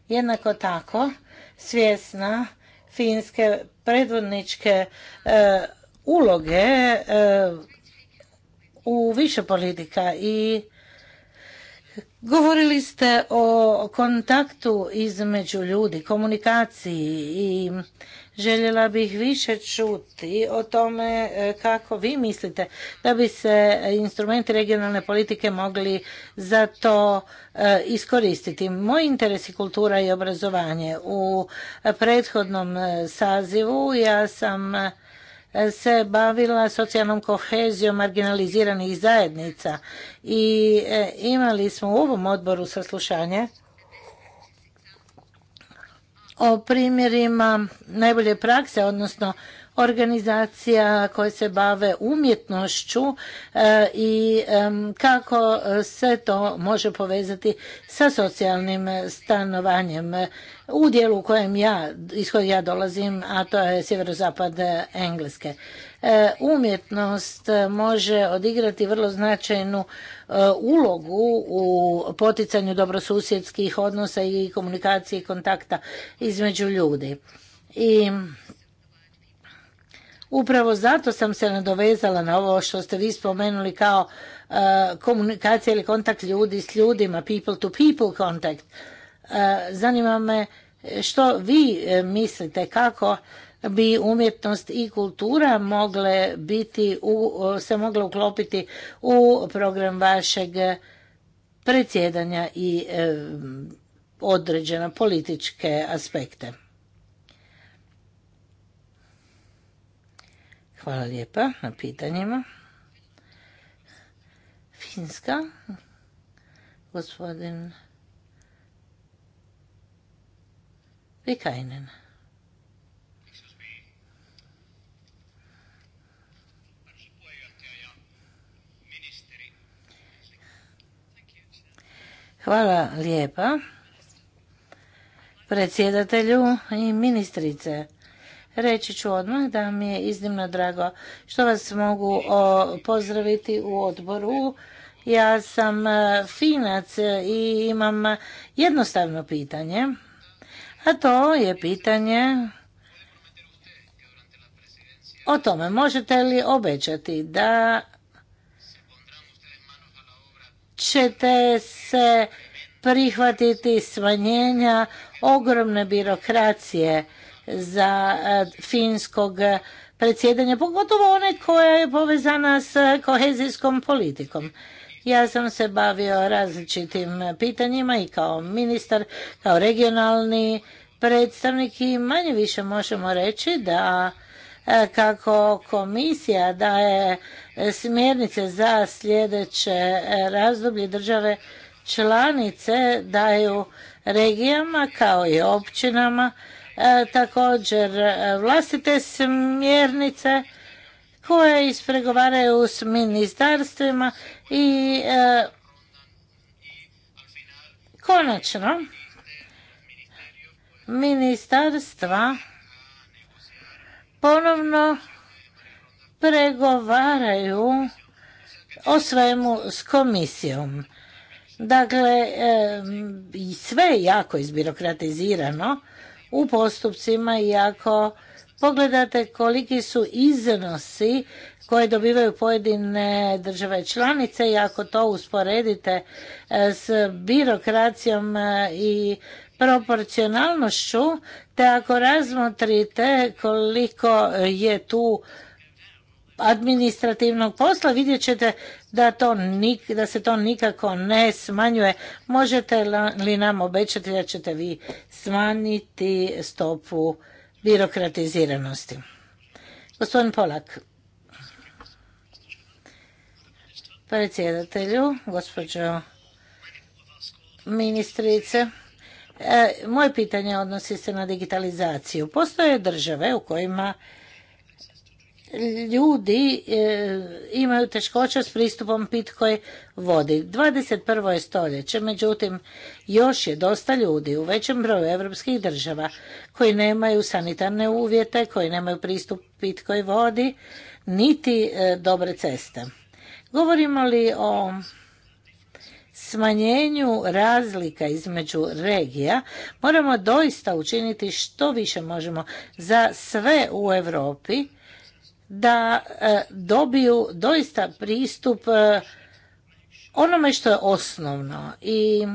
jednako tako svjesna finske predvodničke e, uloge e, u više politika i Govorili ste o kontaktu između ljudi, komunikaciji i željela bih više čuti o tome e, kako vi mislite da bi se instrumenti regionalne politike mogli za to e, iskoristiti. Moj interes je kultura i obrazovanje. U prethodnom e, sazivu ja sam se bavila socijalnom kohezijom marginaliziranih zajednica i e, imali smo u ovom odboru saslušanje o primjerima najbolje prakse, odnosno organizacija koje se bave umjetnošću e, i kako se to može povezati sa socijalnim stanovanjem u dijelu kojem ja, iz kojeg ja dolazim, a to je sjeverozapad Engleske. E, umjetnost može odigrati vrlo značajnu e, ulogu u poticanju dobrosusjedskih odnosa i komunikacije i kontakta između ljudi. I Upravo zato sam se nadovezala na ovo što ste vi spomenuli kao e, komunikacija ili kontakt ljudi s ljudima, people to people contact. E, zanima me što vi e, mislite kako bi umjetnost i kultura mogle biti se mogle uklopiti u program vašeg predsjedanja i određena političke aspekte. Hvala lijepa na pitanjima. Finska, gospodin Vikajnen. Hvala lijepa predsjedatelju i ministrice. Reći ću odmah da mi je iznimno drago što vas mogu pozdraviti u odboru. Ja sam e, finac i imam jednostavno pitanje, a to je pitanje o tome možete li obećati da ćete se prihvatiti smanjenja ogromne birokracije za e, finskog e, predsjedanja, pogotovo one koja je povezana s e, kohezijskom politikom. Ja sam se bavio različitim pitanjima i kao ministar, kao regionalni predstavnik i manje više možemo reći da kako komisija daje smjernice za sljedeće razdoblje države članice daju regijama kao i općinama E, također e, vlastite smjernice koje ispregovaraju s ministarstvima i e, konačno ministarstva ponovno pregovaraju o svemu s komisijom. Dakle, sve je jako izbirokratizirano u postupcima i ako pogledate koliki su iznosi koje dobivaju pojedine države članice i ako to usporedite e, s birokracijom e, i proporcionalnošću, te ako razmotrite koliko je tu administrativnog posla vidjet ćete da, to, da se to nikako ne smanjuje. Možete li nam obećati da ćete vi smanjiti stopu birokratiziranosti? Gospodin Polak. Predsjedatelju, gospođo ministrice, e, moje pitanje odnosi se na digitalizaciju. Postoje države u kojima ljudi e, imaju teškoća s pristupom pitkoj vodi. 21. stoljeće, međutim još je dosta ljudi u većem broju evropskih država koji nemaju sanitarne uvjete, koji nemaju pristup pitkoj vodi, niti e, dobre ceste. Govorimo li o smanjenju razlika između regija moramo doista učiniti što više možemo za sve u Europi da e, dobiju doista pristup e, onome što je osnovno i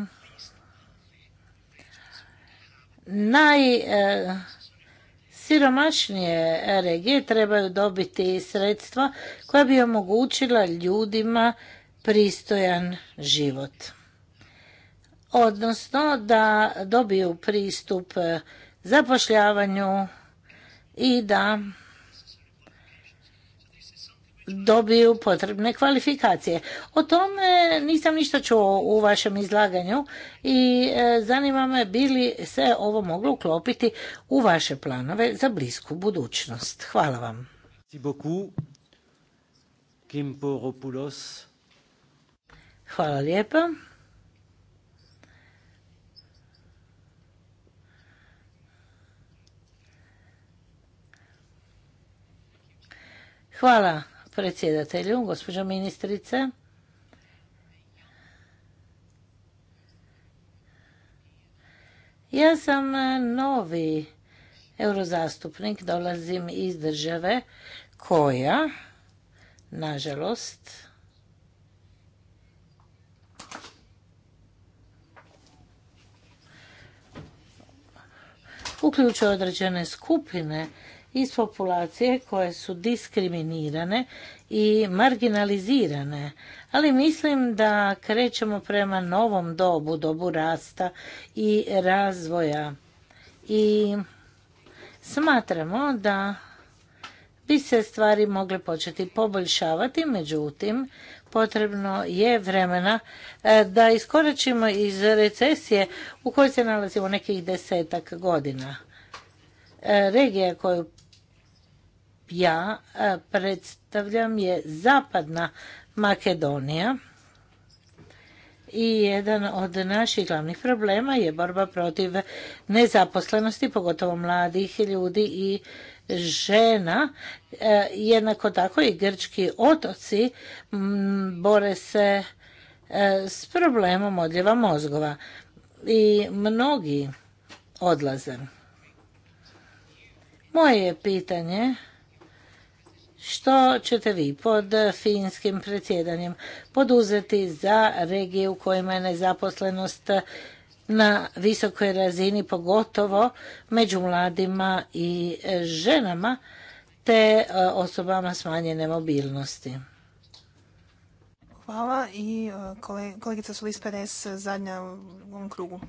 najsiromašnije e, regije trebaju dobiti sredstva koja bi omogućila ljudima pristojan život. Odnosno da dobiju pristup zapošljavanju i da dobiju potrebne kvalifikacije. O tome nisam ništa čuo u vašem izlaganju i e, zanima me bi li se ovo moglo uklopiti u vaše planove za blisku budućnost. Hvala vam. Hvala lijepa. Hvala predsjedatelju, gospođo ministrice. Ja sam novi eurozastupnik, dolazim iz države koja, nažalost, uključuje određene skupine iz populacije koje su diskriminirane i marginalizirane, ali mislim da krećemo prema novom dobu, dobu rasta i razvoja. I smatramo da bi se stvari mogle početi poboljšavati, međutim, potrebno je vremena e, da iskoračimo iz recesije u kojoj se nalazimo nekih desetak godina. E, regija koju ja e, predstavljam je zapadna Makedonija i jedan od naših glavnih problema je borba protiv nezaposlenosti, pogotovo mladih ljudi i žena. E, jednako tako i grčki otoci bore se e, s problemom odljeva mozgova i mnogi odlaze. Moje je pitanje što ćete vi pod finskim predsjedanjem poduzeti za regije u kojima je nezaposlenost na visokoj razini, pogotovo među mladima i ženama, te e, osobama smanjene mobilnosti. Hvala i e, kolegica Solis Perez zadnja u ovom krugu.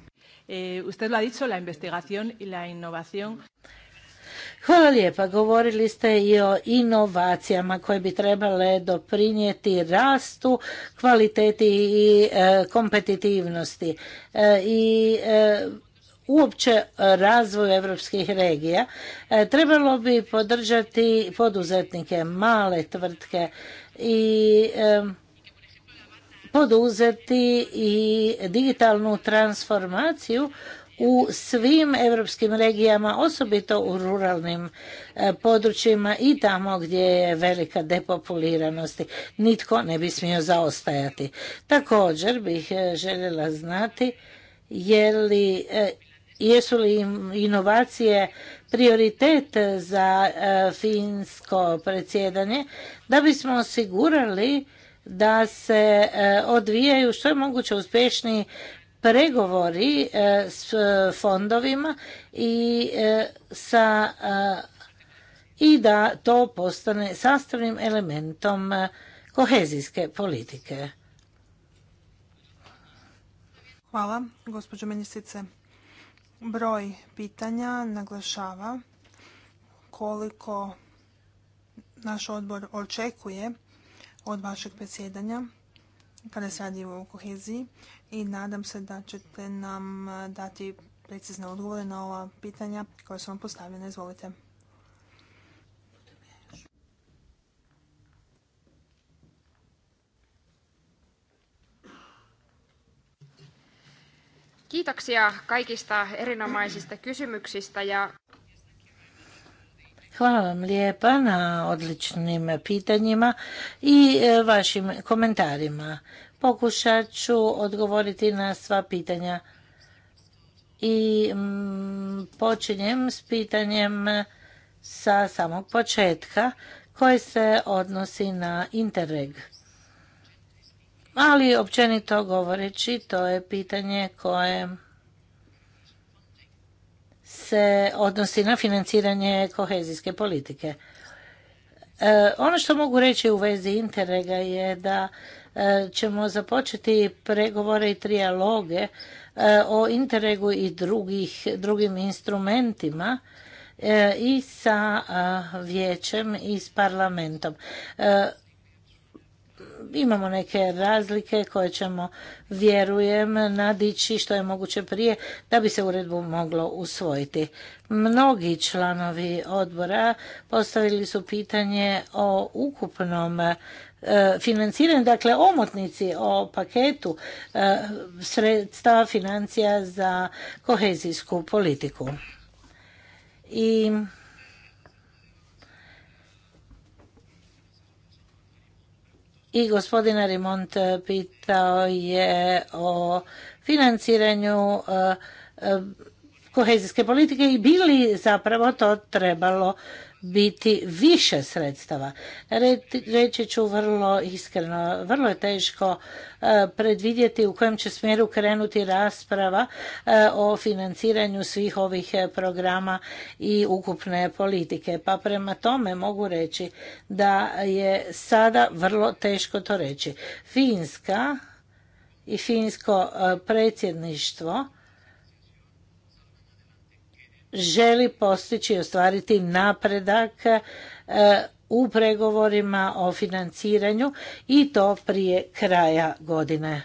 Eh, usted ha dicho, la investigación y la innovación. Hvala lijepa. Govorili ste i o inovacijama koje bi trebale doprinijeti rastu, kvaliteti i e, kompetitivnosti. E, I e, uopće razvoju europskih regija. Trebalo bi podržati poduzetnike, male tvrtke i poduzeti i digitalnu transformaciju u svim europskim regijama, osobito u ruralnim e, područjima i tamo gdje je velika depopuliranost. Nitko ne bi smio zaostajati. Također bih e, željela znati je li, e, jesu li inovacije prioritet za finsko predsjedanje da bismo osigurali da se odvijaju što je moguće uspješniji pregovori e, s fondovima i e, sa e, i da to postane sastavnim elementom kohezijske politike. Hvala, gospođo ministrice. Broj pitanja naglašava koliko naš odbor očekuje od vašeg predsjedanja kada se radi o koheziji i nadam se da ćete nam e, dati precizne odgovore na ova pitanja koja su vam postavljena. Izvolite. Kiitoksia kaikista erinomaisista kysymyksistä ja Hvala vam lijepa na odličnim pitanjima i e, vašim komentarima. Pokušat ću odgovoriti na sva pitanja. I mm, počinjem s pitanjem sa samog početka koje se odnosi na Interreg. Ali općenito govoreći, to je pitanje koje se odnosi na financiranje kohezijske politike. E, ono što mogu reći u vezi Interrega je da E, ćemo započeti pregovore i trijaloge e, o Interregu i drugih, drugim instrumentima e, i sa vijećem i s parlamentom. Imamo neke razlike koje ćemo, vjerujem, nadići što je moguće prije da bi se uredbu moglo usvojiti. Mnogi članovi odbora postavili su pitanje o ukupnom E, financiranju, dakle omotnici o paketu e, sredstava financija za kohezijsku politiku. I I gospodina Rimont pitao je o financiranju e, kohezijske politike i li zapravo to trebalo biti više sredstava. Reći ću vrlo iskreno, vrlo je teško e, predvidjeti u kojem će smjeru krenuti rasprava e, o financiranju svih ovih e, programa i ukupne politike. Pa prema tome mogu reći da je sada vrlo teško to reći. Finska i finsko predsjedništvo želi postići i ostvariti napredak e, u pregovorima o financiranju i to prije kraja godine.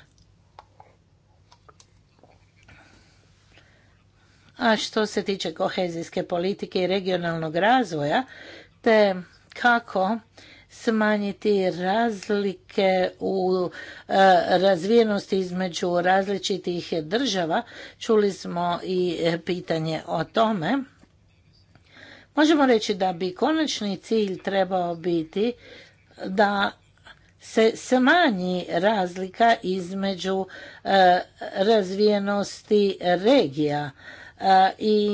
A što se tiče kohezijske politike i regionalnog razvoja, te kako smanjiti razlike u e, razvijenosti između različitih država. Čuli smo i e, pitanje o tome. Možemo reći da bi konačni cilj trebao biti da se smanji razlika između e, razvijenosti regija i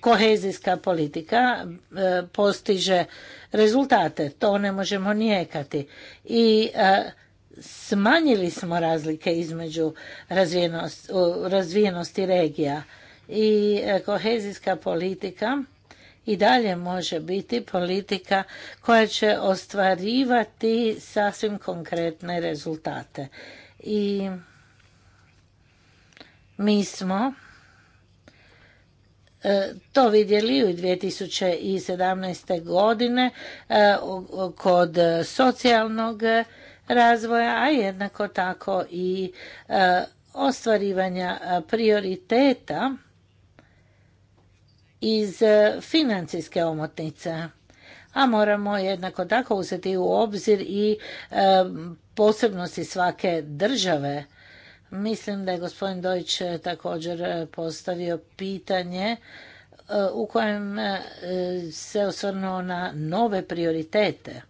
kohezijska politika e, postiže rezultate, to ne možemo nijekati. I e, smanjili smo razlike između razvijenosti regija i e, kohezijska politika i dalje može biti politika koja će ostvarivati sasvim konkretne rezultate. I mi smo E, to vidjeli u 2017. godine e, kod socijalnog razvoja, a jednako tako i e, ostvarivanja prioriteta iz financijske omotnice. A moramo jednako tako uzeti u obzir i posebnosti svake države Mislim da je gospodin Dojić e, također e, postavio pitanje e, u kojem se osvrnuo na nove prioritete.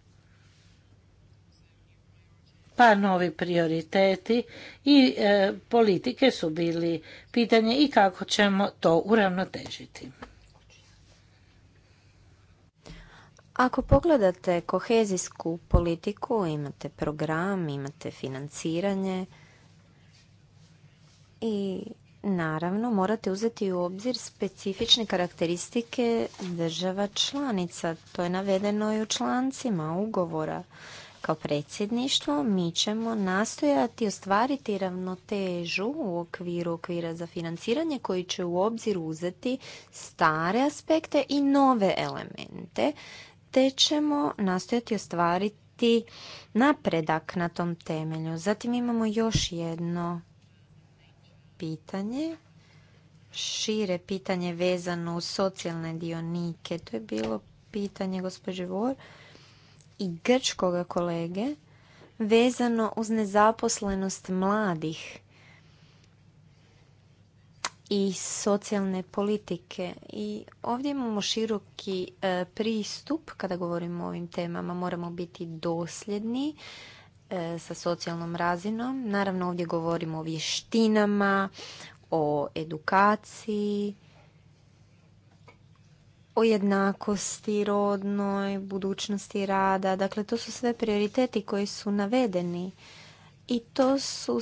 Pa novi prioriteti i politike su bili pitanje i kako ćemo to uravnotežiti. Ako pogledate kohezijsku politiku, imate program, imate financiranje, i naravno morate uzeti u obzir specifične karakteristike država članica. To je navedeno i u člancima ugovora. Kao predsjedništvo mi ćemo nastojati ostvariti ravnotežu u okviru okvira za financiranje koji će u obzir uzeti stare aspekte i nove elemente, te ćemo nastojati ostvariti napredak na tom temelju. Zatim imamo još jedno pitanje, šire pitanje vezano uz socijalne dionike. To je bilo pitanje gospođe Vor i grčkoga kolege vezano uz nezaposlenost mladih i socijalne politike. I ovdje imamo široki e, pristup kada govorimo o ovim temama. Moramo biti dosljedni E, sa socijalnom razinom. Naravno ovdje govorimo o vještinama, o edukaciji, o jednakosti rodnoj, budućnosti rada. Dakle, to su sve prioriteti koji su navedeni i to su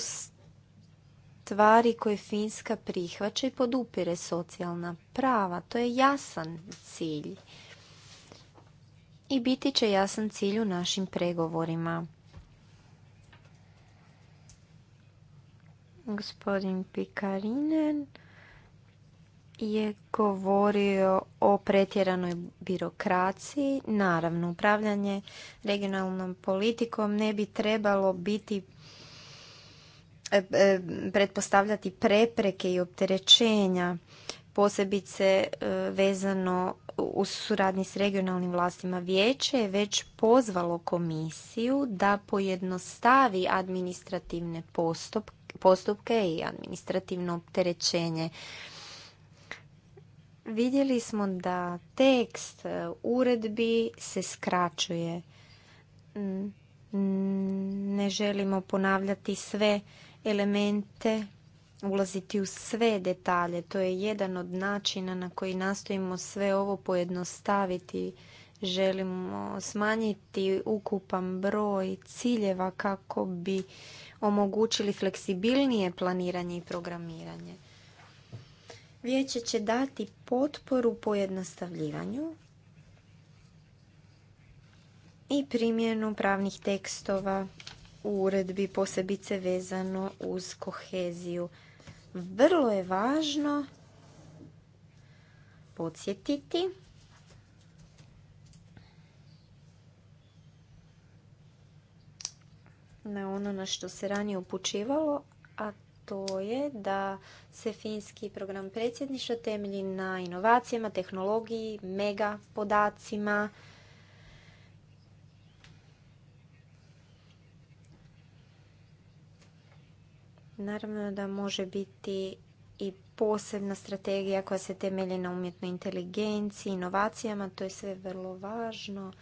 stvari koje Finska prihvaća i podupire socijalna prava. To je jasan cilj i biti će jasan cilj u našim pregovorima. Gospodin Pikarinen je govorio o pretjeranoj birokraciji. Naravno, upravljanje regionalnom politikom ne bi trebalo biti e, e, pretpostavljati prepreke i opterećenja, posebice e, vezano u suradnji s regionalnim vlastima vijeće je već pozvalo komisiju da pojednostavi administrativne postupke postupke i administrativno opterećenje. Vidjeli smo da tekst e, uredbi se skraćuje. Ne želimo ponavljati sve elemente, ulaziti u sve detalje. To je jedan od načina na koji nastojimo sve ovo pojednostaviti. Želimo smanjiti ukupan broj ciljeva kako bi omogućili fleksibilnije planiranje i programiranje. Vijeće će dati potporu pojednostavljivanju i primjenu pravnih tekstova u uredbi posebice vezano uz koheziju. Vrlo je važno podsjetiti na ono na što se ranije upućivalo, a to je da se finski program predsjedništva temelji na inovacijama, tehnologiji, mega podacima, Naravno da može biti i posebna strategija koja se temelji na umjetnoj inteligenciji, inovacijama, to je sve vrlo važno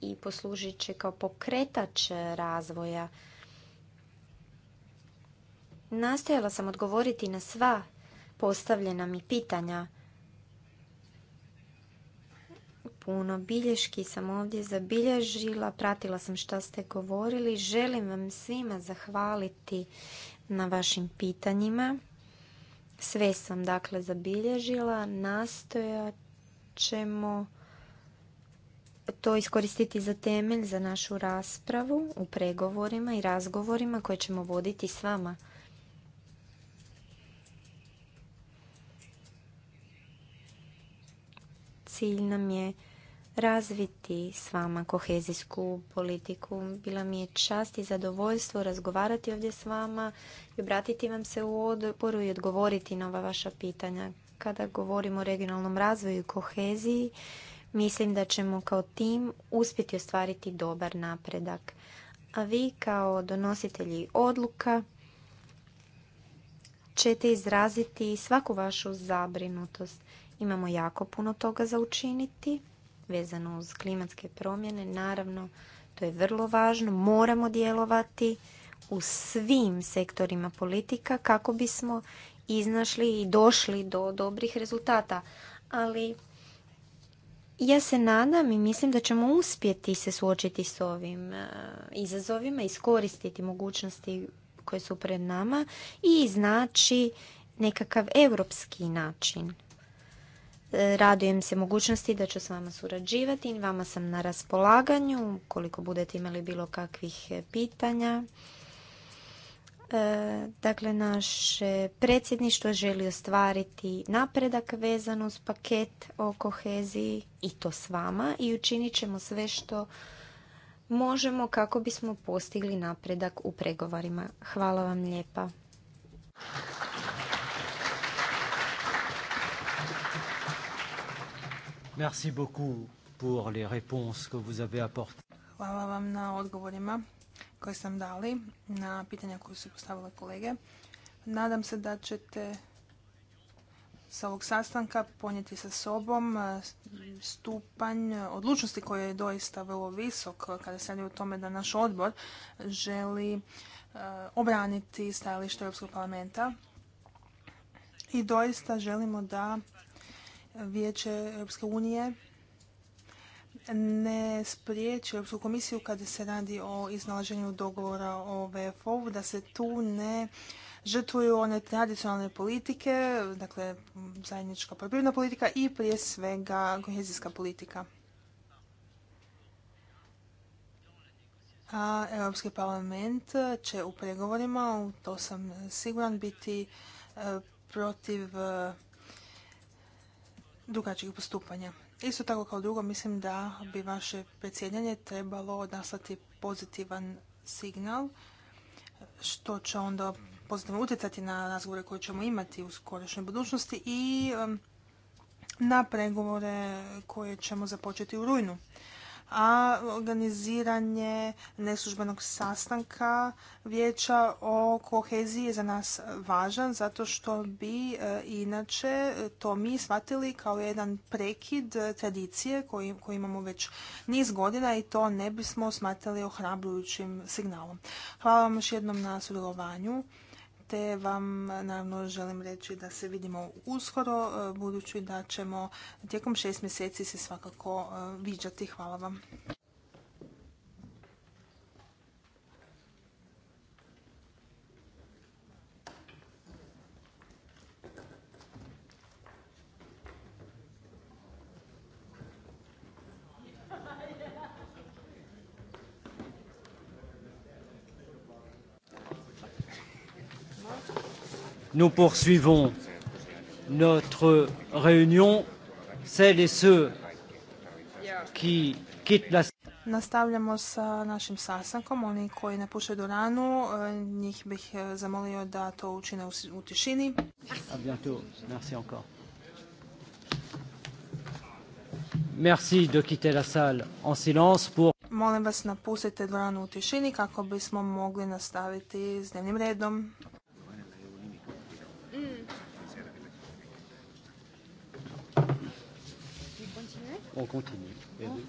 i poslužit će kao pokretač razvoja Nastojala sam odgovoriti na sva postavljena mi pitanja. Puno bilješki sam ovdje zabilježila, pratila sam šta ste govorili. Želim vam svima zahvaliti na vašim pitanjima. Sve sam dakle zabilježila, nastojat ćemo to iskoristiti za temelj za našu raspravu u pregovorima i razgovorima koje ćemo voditi s vama. Cilj nam je razviti s vama kohezijsku politiku. Bila mi je čast i zadovoljstvo razgovarati ovdje s vama i obratiti vam se u odboru i odgovoriti na ova vaša pitanja. Kada govorimo o regionalnom razvoju i koheziji, mislim da ćemo kao tim uspjeti ostvariti dobar napredak. A vi kao donositelji odluka ćete izraziti svaku vašu zabrinutost Imamo jako puno toga za učiniti, vezano uz klimatske promjene. Naravno, to je vrlo važno. Moramo djelovati u svim sektorima politika kako bismo iznašli i došli do dobrih rezultata. Ali ja se nadam i mislim da ćemo uspjeti se suočiti s ovim e, izazovima, iskoristiti mogućnosti koje su pred nama i znači nekakav europski način E, radujem se mogućnosti da ću s vama surađivati vama sam na raspolaganju koliko budete imali bilo kakvih e, pitanja. E, dakle, naše predsjedništvo želi ostvariti napredak vezan uz paket o koheziji i to s vama i učinit ćemo sve što možemo kako bismo postigli napredak u pregovorima. Hvala vam lijepa. Merci beaucoup pour les réponses que vous Hvala vam na odgovorima koje sam dali, na pitanja koje su postavile kolege. Nadam se da ćete sa ovog sastanka ponijeti sa sobom e, stupanj odlučnosti koji je doista vrlo visok kada se radi o tome da naš odbor želi e, obraniti stajalište Europskog parlamenta i doista želimo da Vijeće Europske unije ne spriječi Europsku komisiju kada se radi o iznalaženju dogovora o VFO-u, da se tu ne žrtvuju one tradicionalne politike, dakle zajednička poljoprivredna politika i prije svega kohezijska politika. A Europski parlament će u pregovorima, u to sam siguran, biti e, protiv drugačijih postupanja. Isto tako kao drugo, mislim da bi vaše predsjedanje trebalo odaslati pozitivan signal, što će onda pozitivno utjecati na razgovore koje ćemo imati u skorešnjoj budućnosti i na pregovore koje ćemo započeti u rujnu a organiziranje neslužbenog sastanka vijeća o koheziji je za nas važan zato što bi e, inače to mi shvatili kao jedan prekid e, tradicije koji koju imamo već niz godina i to ne bismo smatrali ohrabrujućim signalom. Hvala vam još jednom na sudjelovanju te vam naravno želim reći da se vidimo uskoro, e, budući da ćemo tijekom šest mjeseci se svakako e, viđati. Hvala vam. Nous poursuivons notre réunion. Celles et ceux qui quittent la Nastavljamo sa našim sastankom. Oni koji do ranu e, njih bih e, zamolio da to učine u tišini. A bientôt. Merci encore. Merci de quitter la salle en silence pour Molim vas napustite dvoranu u tišini kako bismo mogli nastaviti s dnevnim redom. On continue. Et oui.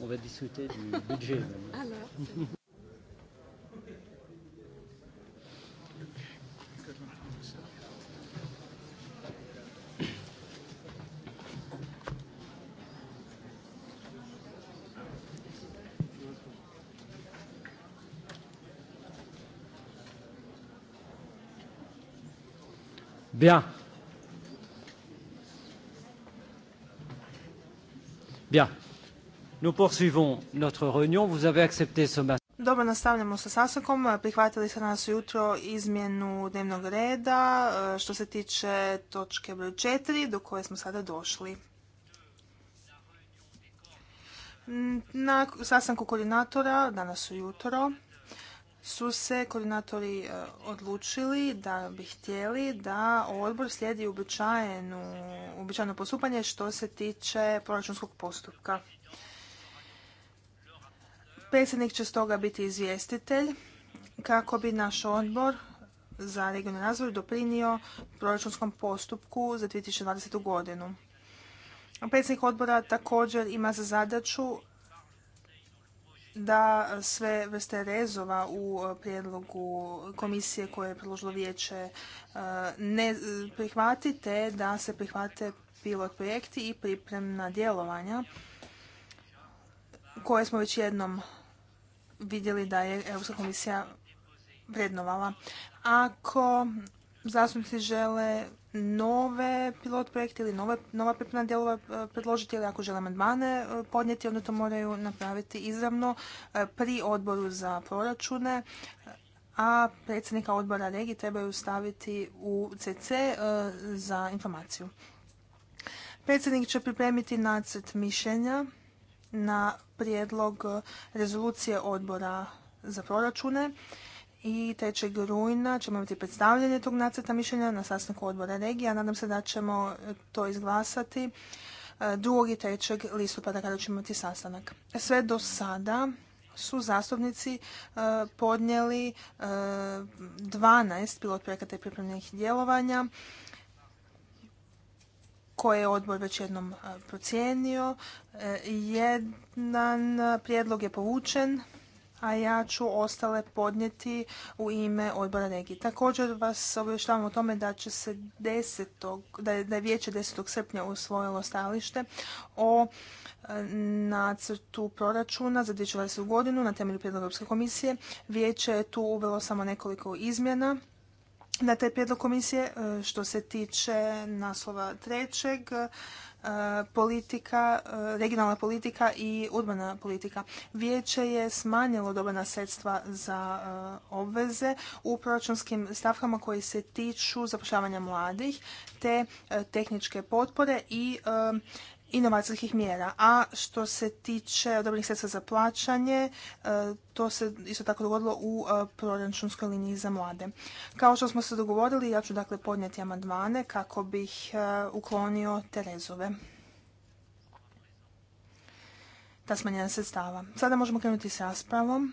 On va discuter du budget maintenant. Alors. Bien. Bien. Nous poursuivons Dobro, nastavljamo sa sasakom. Prihvatili ste danas jutro izmjenu dnevnog reda e, što se tiče točke broj 4 do koje smo sada došli. Na sasanku koordinatora danas ujutro su se koordinatori e, odlučili da bi htjeli da odbor slijedi uobičajeno postupanje što se tiče proračunskog postupka. Predsjednik će stoga biti izvjestitelj kako bi naš odbor za regionalni razvoj doprinio proračunskom postupku za 2020. godinu. Predsjednik odbora također ima za zadaću da sve vrste rezova u e, prijedlogu komisije koje je predložilo vijeće e, ne prihvatite, da se prihvate pilot projekti i pripremna djelovanja koje smo već jednom vidjeli da je Europska komisija vrednovala. Ako zastupnici žele nove pilot projekte ili nove, nova pripremna djelova e, predložiti ili ako žele amandmane e, podnijeti, onda to moraju napraviti izravno e, pri odboru za proračune, a predsjednika odbora regi trebaju staviti u CC za informaciju. Predsjednik će pripremiti nacrt mišljenja na prijedlog rezolucije odbora za proračune i 3. rujna ćemo imati predstavljanje tog nacrta mišljenja na sastanku odbora regija. Nadam se da ćemo e, to izglasati 2. E, i 3. listopada kada ćemo imati sastanak. E, sve do sada su zastupnici podnijeli 12 pilot projekata i pripremljenih djelovanja koje je odbor već jednom procijenio. Jedan prijedlog je povučen a ja ću ostale podnijeti u ime odbora regije. Također vas obavještavam o tome da će se da je, da vijeće 10. srpnja usvojilo stajalište o e, nacrtu proračuna za 2020. godinu na temelju prijedloga Europske komisije. Vijeće je tu uvelo samo nekoliko izmjena na taj prijedlog komisije e, što se tiče naslova trećeg E, politika, e, regionalna politika i urbana politika. Vijeće je smanjilo dobena sredstva za e, obveze u proračunskim stavkama koji se tiču zapošljavanja mladih te tehničke potpore i inovacijskih mjera. A što se tiče odobrenih sredstva za plaćanje, e, to se isto tako dogodilo u e, proračunskoj liniji za mlade. Kao što smo se dogovorili, ja ću dakle podnijeti amandmane kako bih e, uklonio te rezove. Ta smanjena sredstava. Sada možemo krenuti s raspravom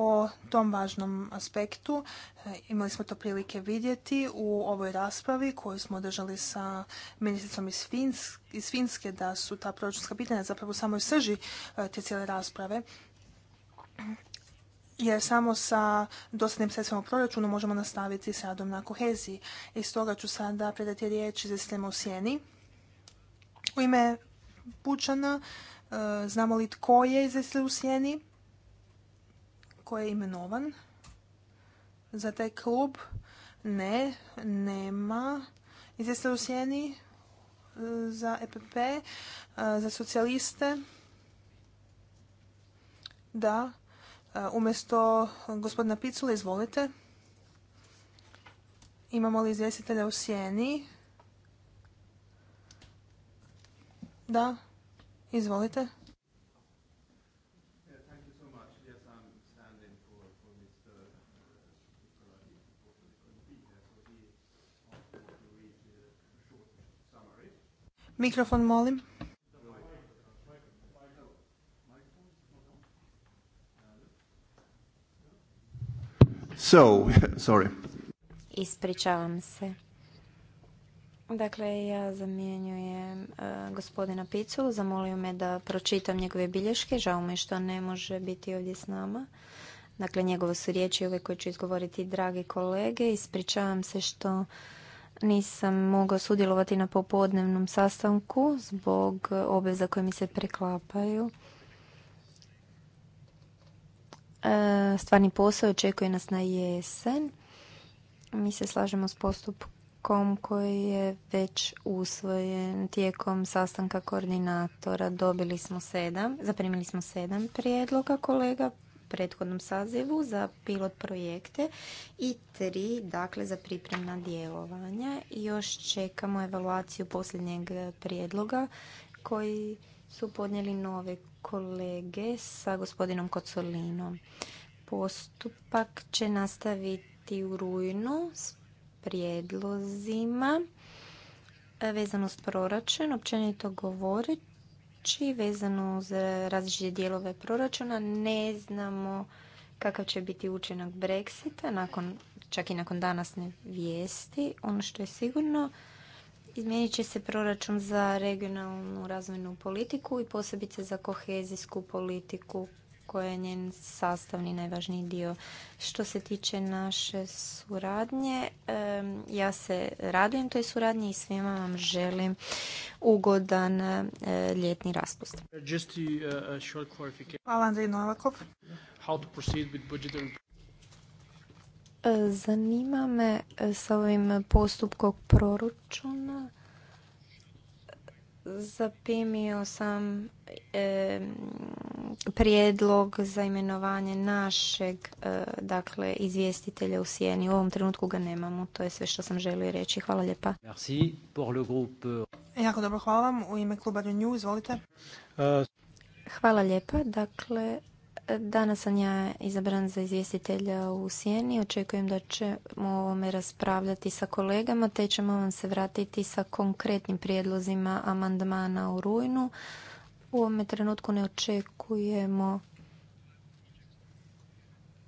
o tom važnom aspektu. E, imali smo to prilike vidjeti u ovoj raspravi koju smo održali sa ministricom iz Finske, iz da su ta proračunska pitanja zapravo u samoj srži e, te cijele rasprave. Jer samo sa dosadnim sredstvom u proračunu možemo nastaviti s radom na koheziji. I stoga ću sada predati riječ izvjestiteljima u sjeni. U ime Pučana, e, znamo li tko je izvjestitelj u sjeni? koji je imenovan za taj klub? Ne, nema. Izvjestitelj u sjeni e, za EPP, e, za socijaliste. Da, e, umjesto gospodina Picula, izvolite. Imamo li izvjestitelja u sjeni? Da, izvolite. Mikrofon molim. So, sorry. Ispričavam se. Dakle, ja zamjenjujem e, gospodina Piculu. Zamolio me da pročitam njegove bilješke. Žao mi što ne može biti ovdje s nama. Dakle, njegovo su riječi ove koje ću izgovoriti dragi kolege. Ispričavam se što nisam mogao sudjelovati na popodnevnom sastanku zbog obveza koje mi se preklapaju. E, stvarni posao očekuje nas na jesen. Mi se slažemo s postupkom koji je već usvojen tijekom sastanka koordinatora. Dobili smo sedam, zaprimili smo sedam prijedloga kolega prethodnom sazivu za pilot projekte i tri dakle za pripremna djelovanja. još čekamo evaluaciju posljednjeg prijedloga koji su podnijeli nove kolege sa gospodinom Kocolinom. Postupak će nastaviti u rujnu s prijedlozima vezano s proračun. Općenito govorit vezanu znači, vezano uz različite dijelove proračuna. Ne znamo kakav će biti učinak Brexita, nakon, čak i nakon danasne vijesti. Ono što je sigurno, izmijenit će se proračun za regionalnu razvojnu politiku i posebice za kohezijsku politiku koje je njen sastavni najvažniji dio. Što se tiče naše suradnje, ja se radujem toj suradnji i svima vam želim ugodan e, ljetni raspust. E, zanima me e, sa ovim postupkom proračuna zapimio sam e, prijedlog za imenovanje našeg e, dakle izvjestitelja u sjeni. U ovom trenutku ga nemamo, to je sve što sam želio reći. Hvala lijepa. Merci pour le groupe. Jako dobro, hvala vam. U ime kluba Renew, izvolite. Hvala lijepa. Dakle, Danas sam ja izabran za izvjestitelja u Sjeni. Očekujem da ćemo o ovome raspravljati sa kolegama, te ćemo vam se vratiti sa konkretnim prijedlozima amandmana u rujnu. U ovome trenutku ne očekujemo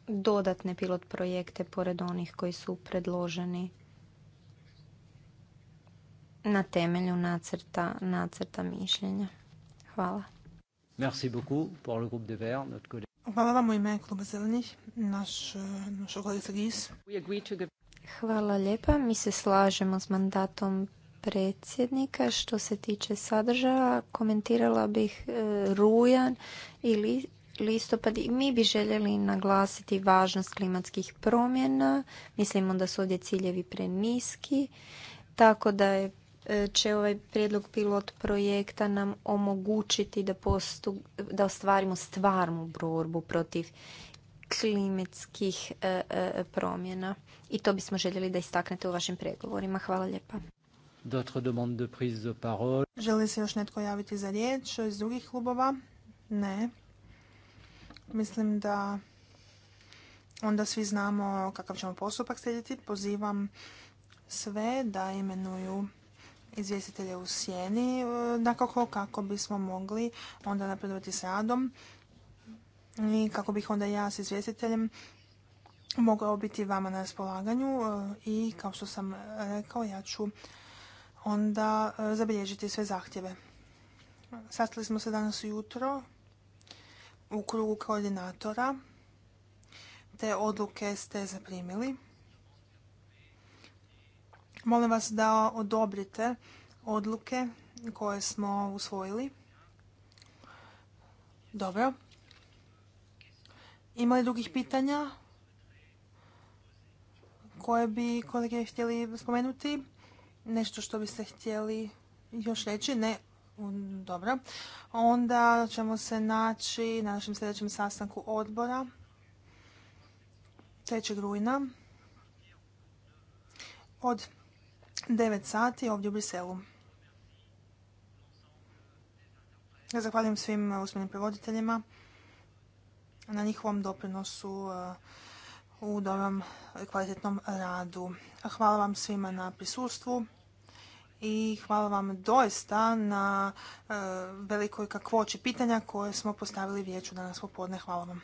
dodatne pilot projekte pored onih koji su predloženi na temelju nacrta, nacrta mišljenja. Hvala. Merci beaucoup pour le groupe notre collègue. Hvala vam u ime kluba zelenih, Gis. Hvala lijepa. Mi se slažemo s mandatom predsjednika. Što se tiče sadržaja, komentirala bih e, rujan i listopad i mi bi željeli naglasiti važnost klimatskih promjena. Mislimo da su ovdje ciljevi preniski, tako da je E, će ovaj prijedlog pilot projekta nam omogućiti da, postu, da ostvarimo stvarnu borbu protiv klimatskih e, e, promjena. I to bismo željeli da istaknete u vašim pregovorima. Hvala lijepa. De prise Želi se još netko javiti za riječ iz drugih klubova? Ne. Mislim da onda svi znamo kakav ćemo postupak slijediti. Pozivam sve da imenuju izvjestitelje u sjeni nakako e, kako bismo mogli onda napredovati s radom i kako bih onda ja s izvjestiteljem mogao biti vama na raspolaganju e, i kao što sam rekao ja ću onda e, zabilježiti sve zahtjeve. Sastali smo se danas ujutro u krugu koordinatora. Te odluke ste zaprimili. Molim vas da odobrite odluke koje smo usvojili. Dobro. Ima li drugih pitanja koje bi kolege htjeli spomenuti? Nešto što biste htjeli još reći? Ne. Dobro. Onda ćemo se naći na našem sljedećem sastanku odbora 3. rujna od 9 sati ovdje u Briselu. zahvaljujem svim eh, usmenim prevoditeljima na njihovom doprinosu eh, u dobrom eh, kvalitetnom radu. Hvala vam svima na prisustvu i hvala vam doista na velikoj kakvoći pitanja koje smo postavili vijeću danas popodne. Hvala vam.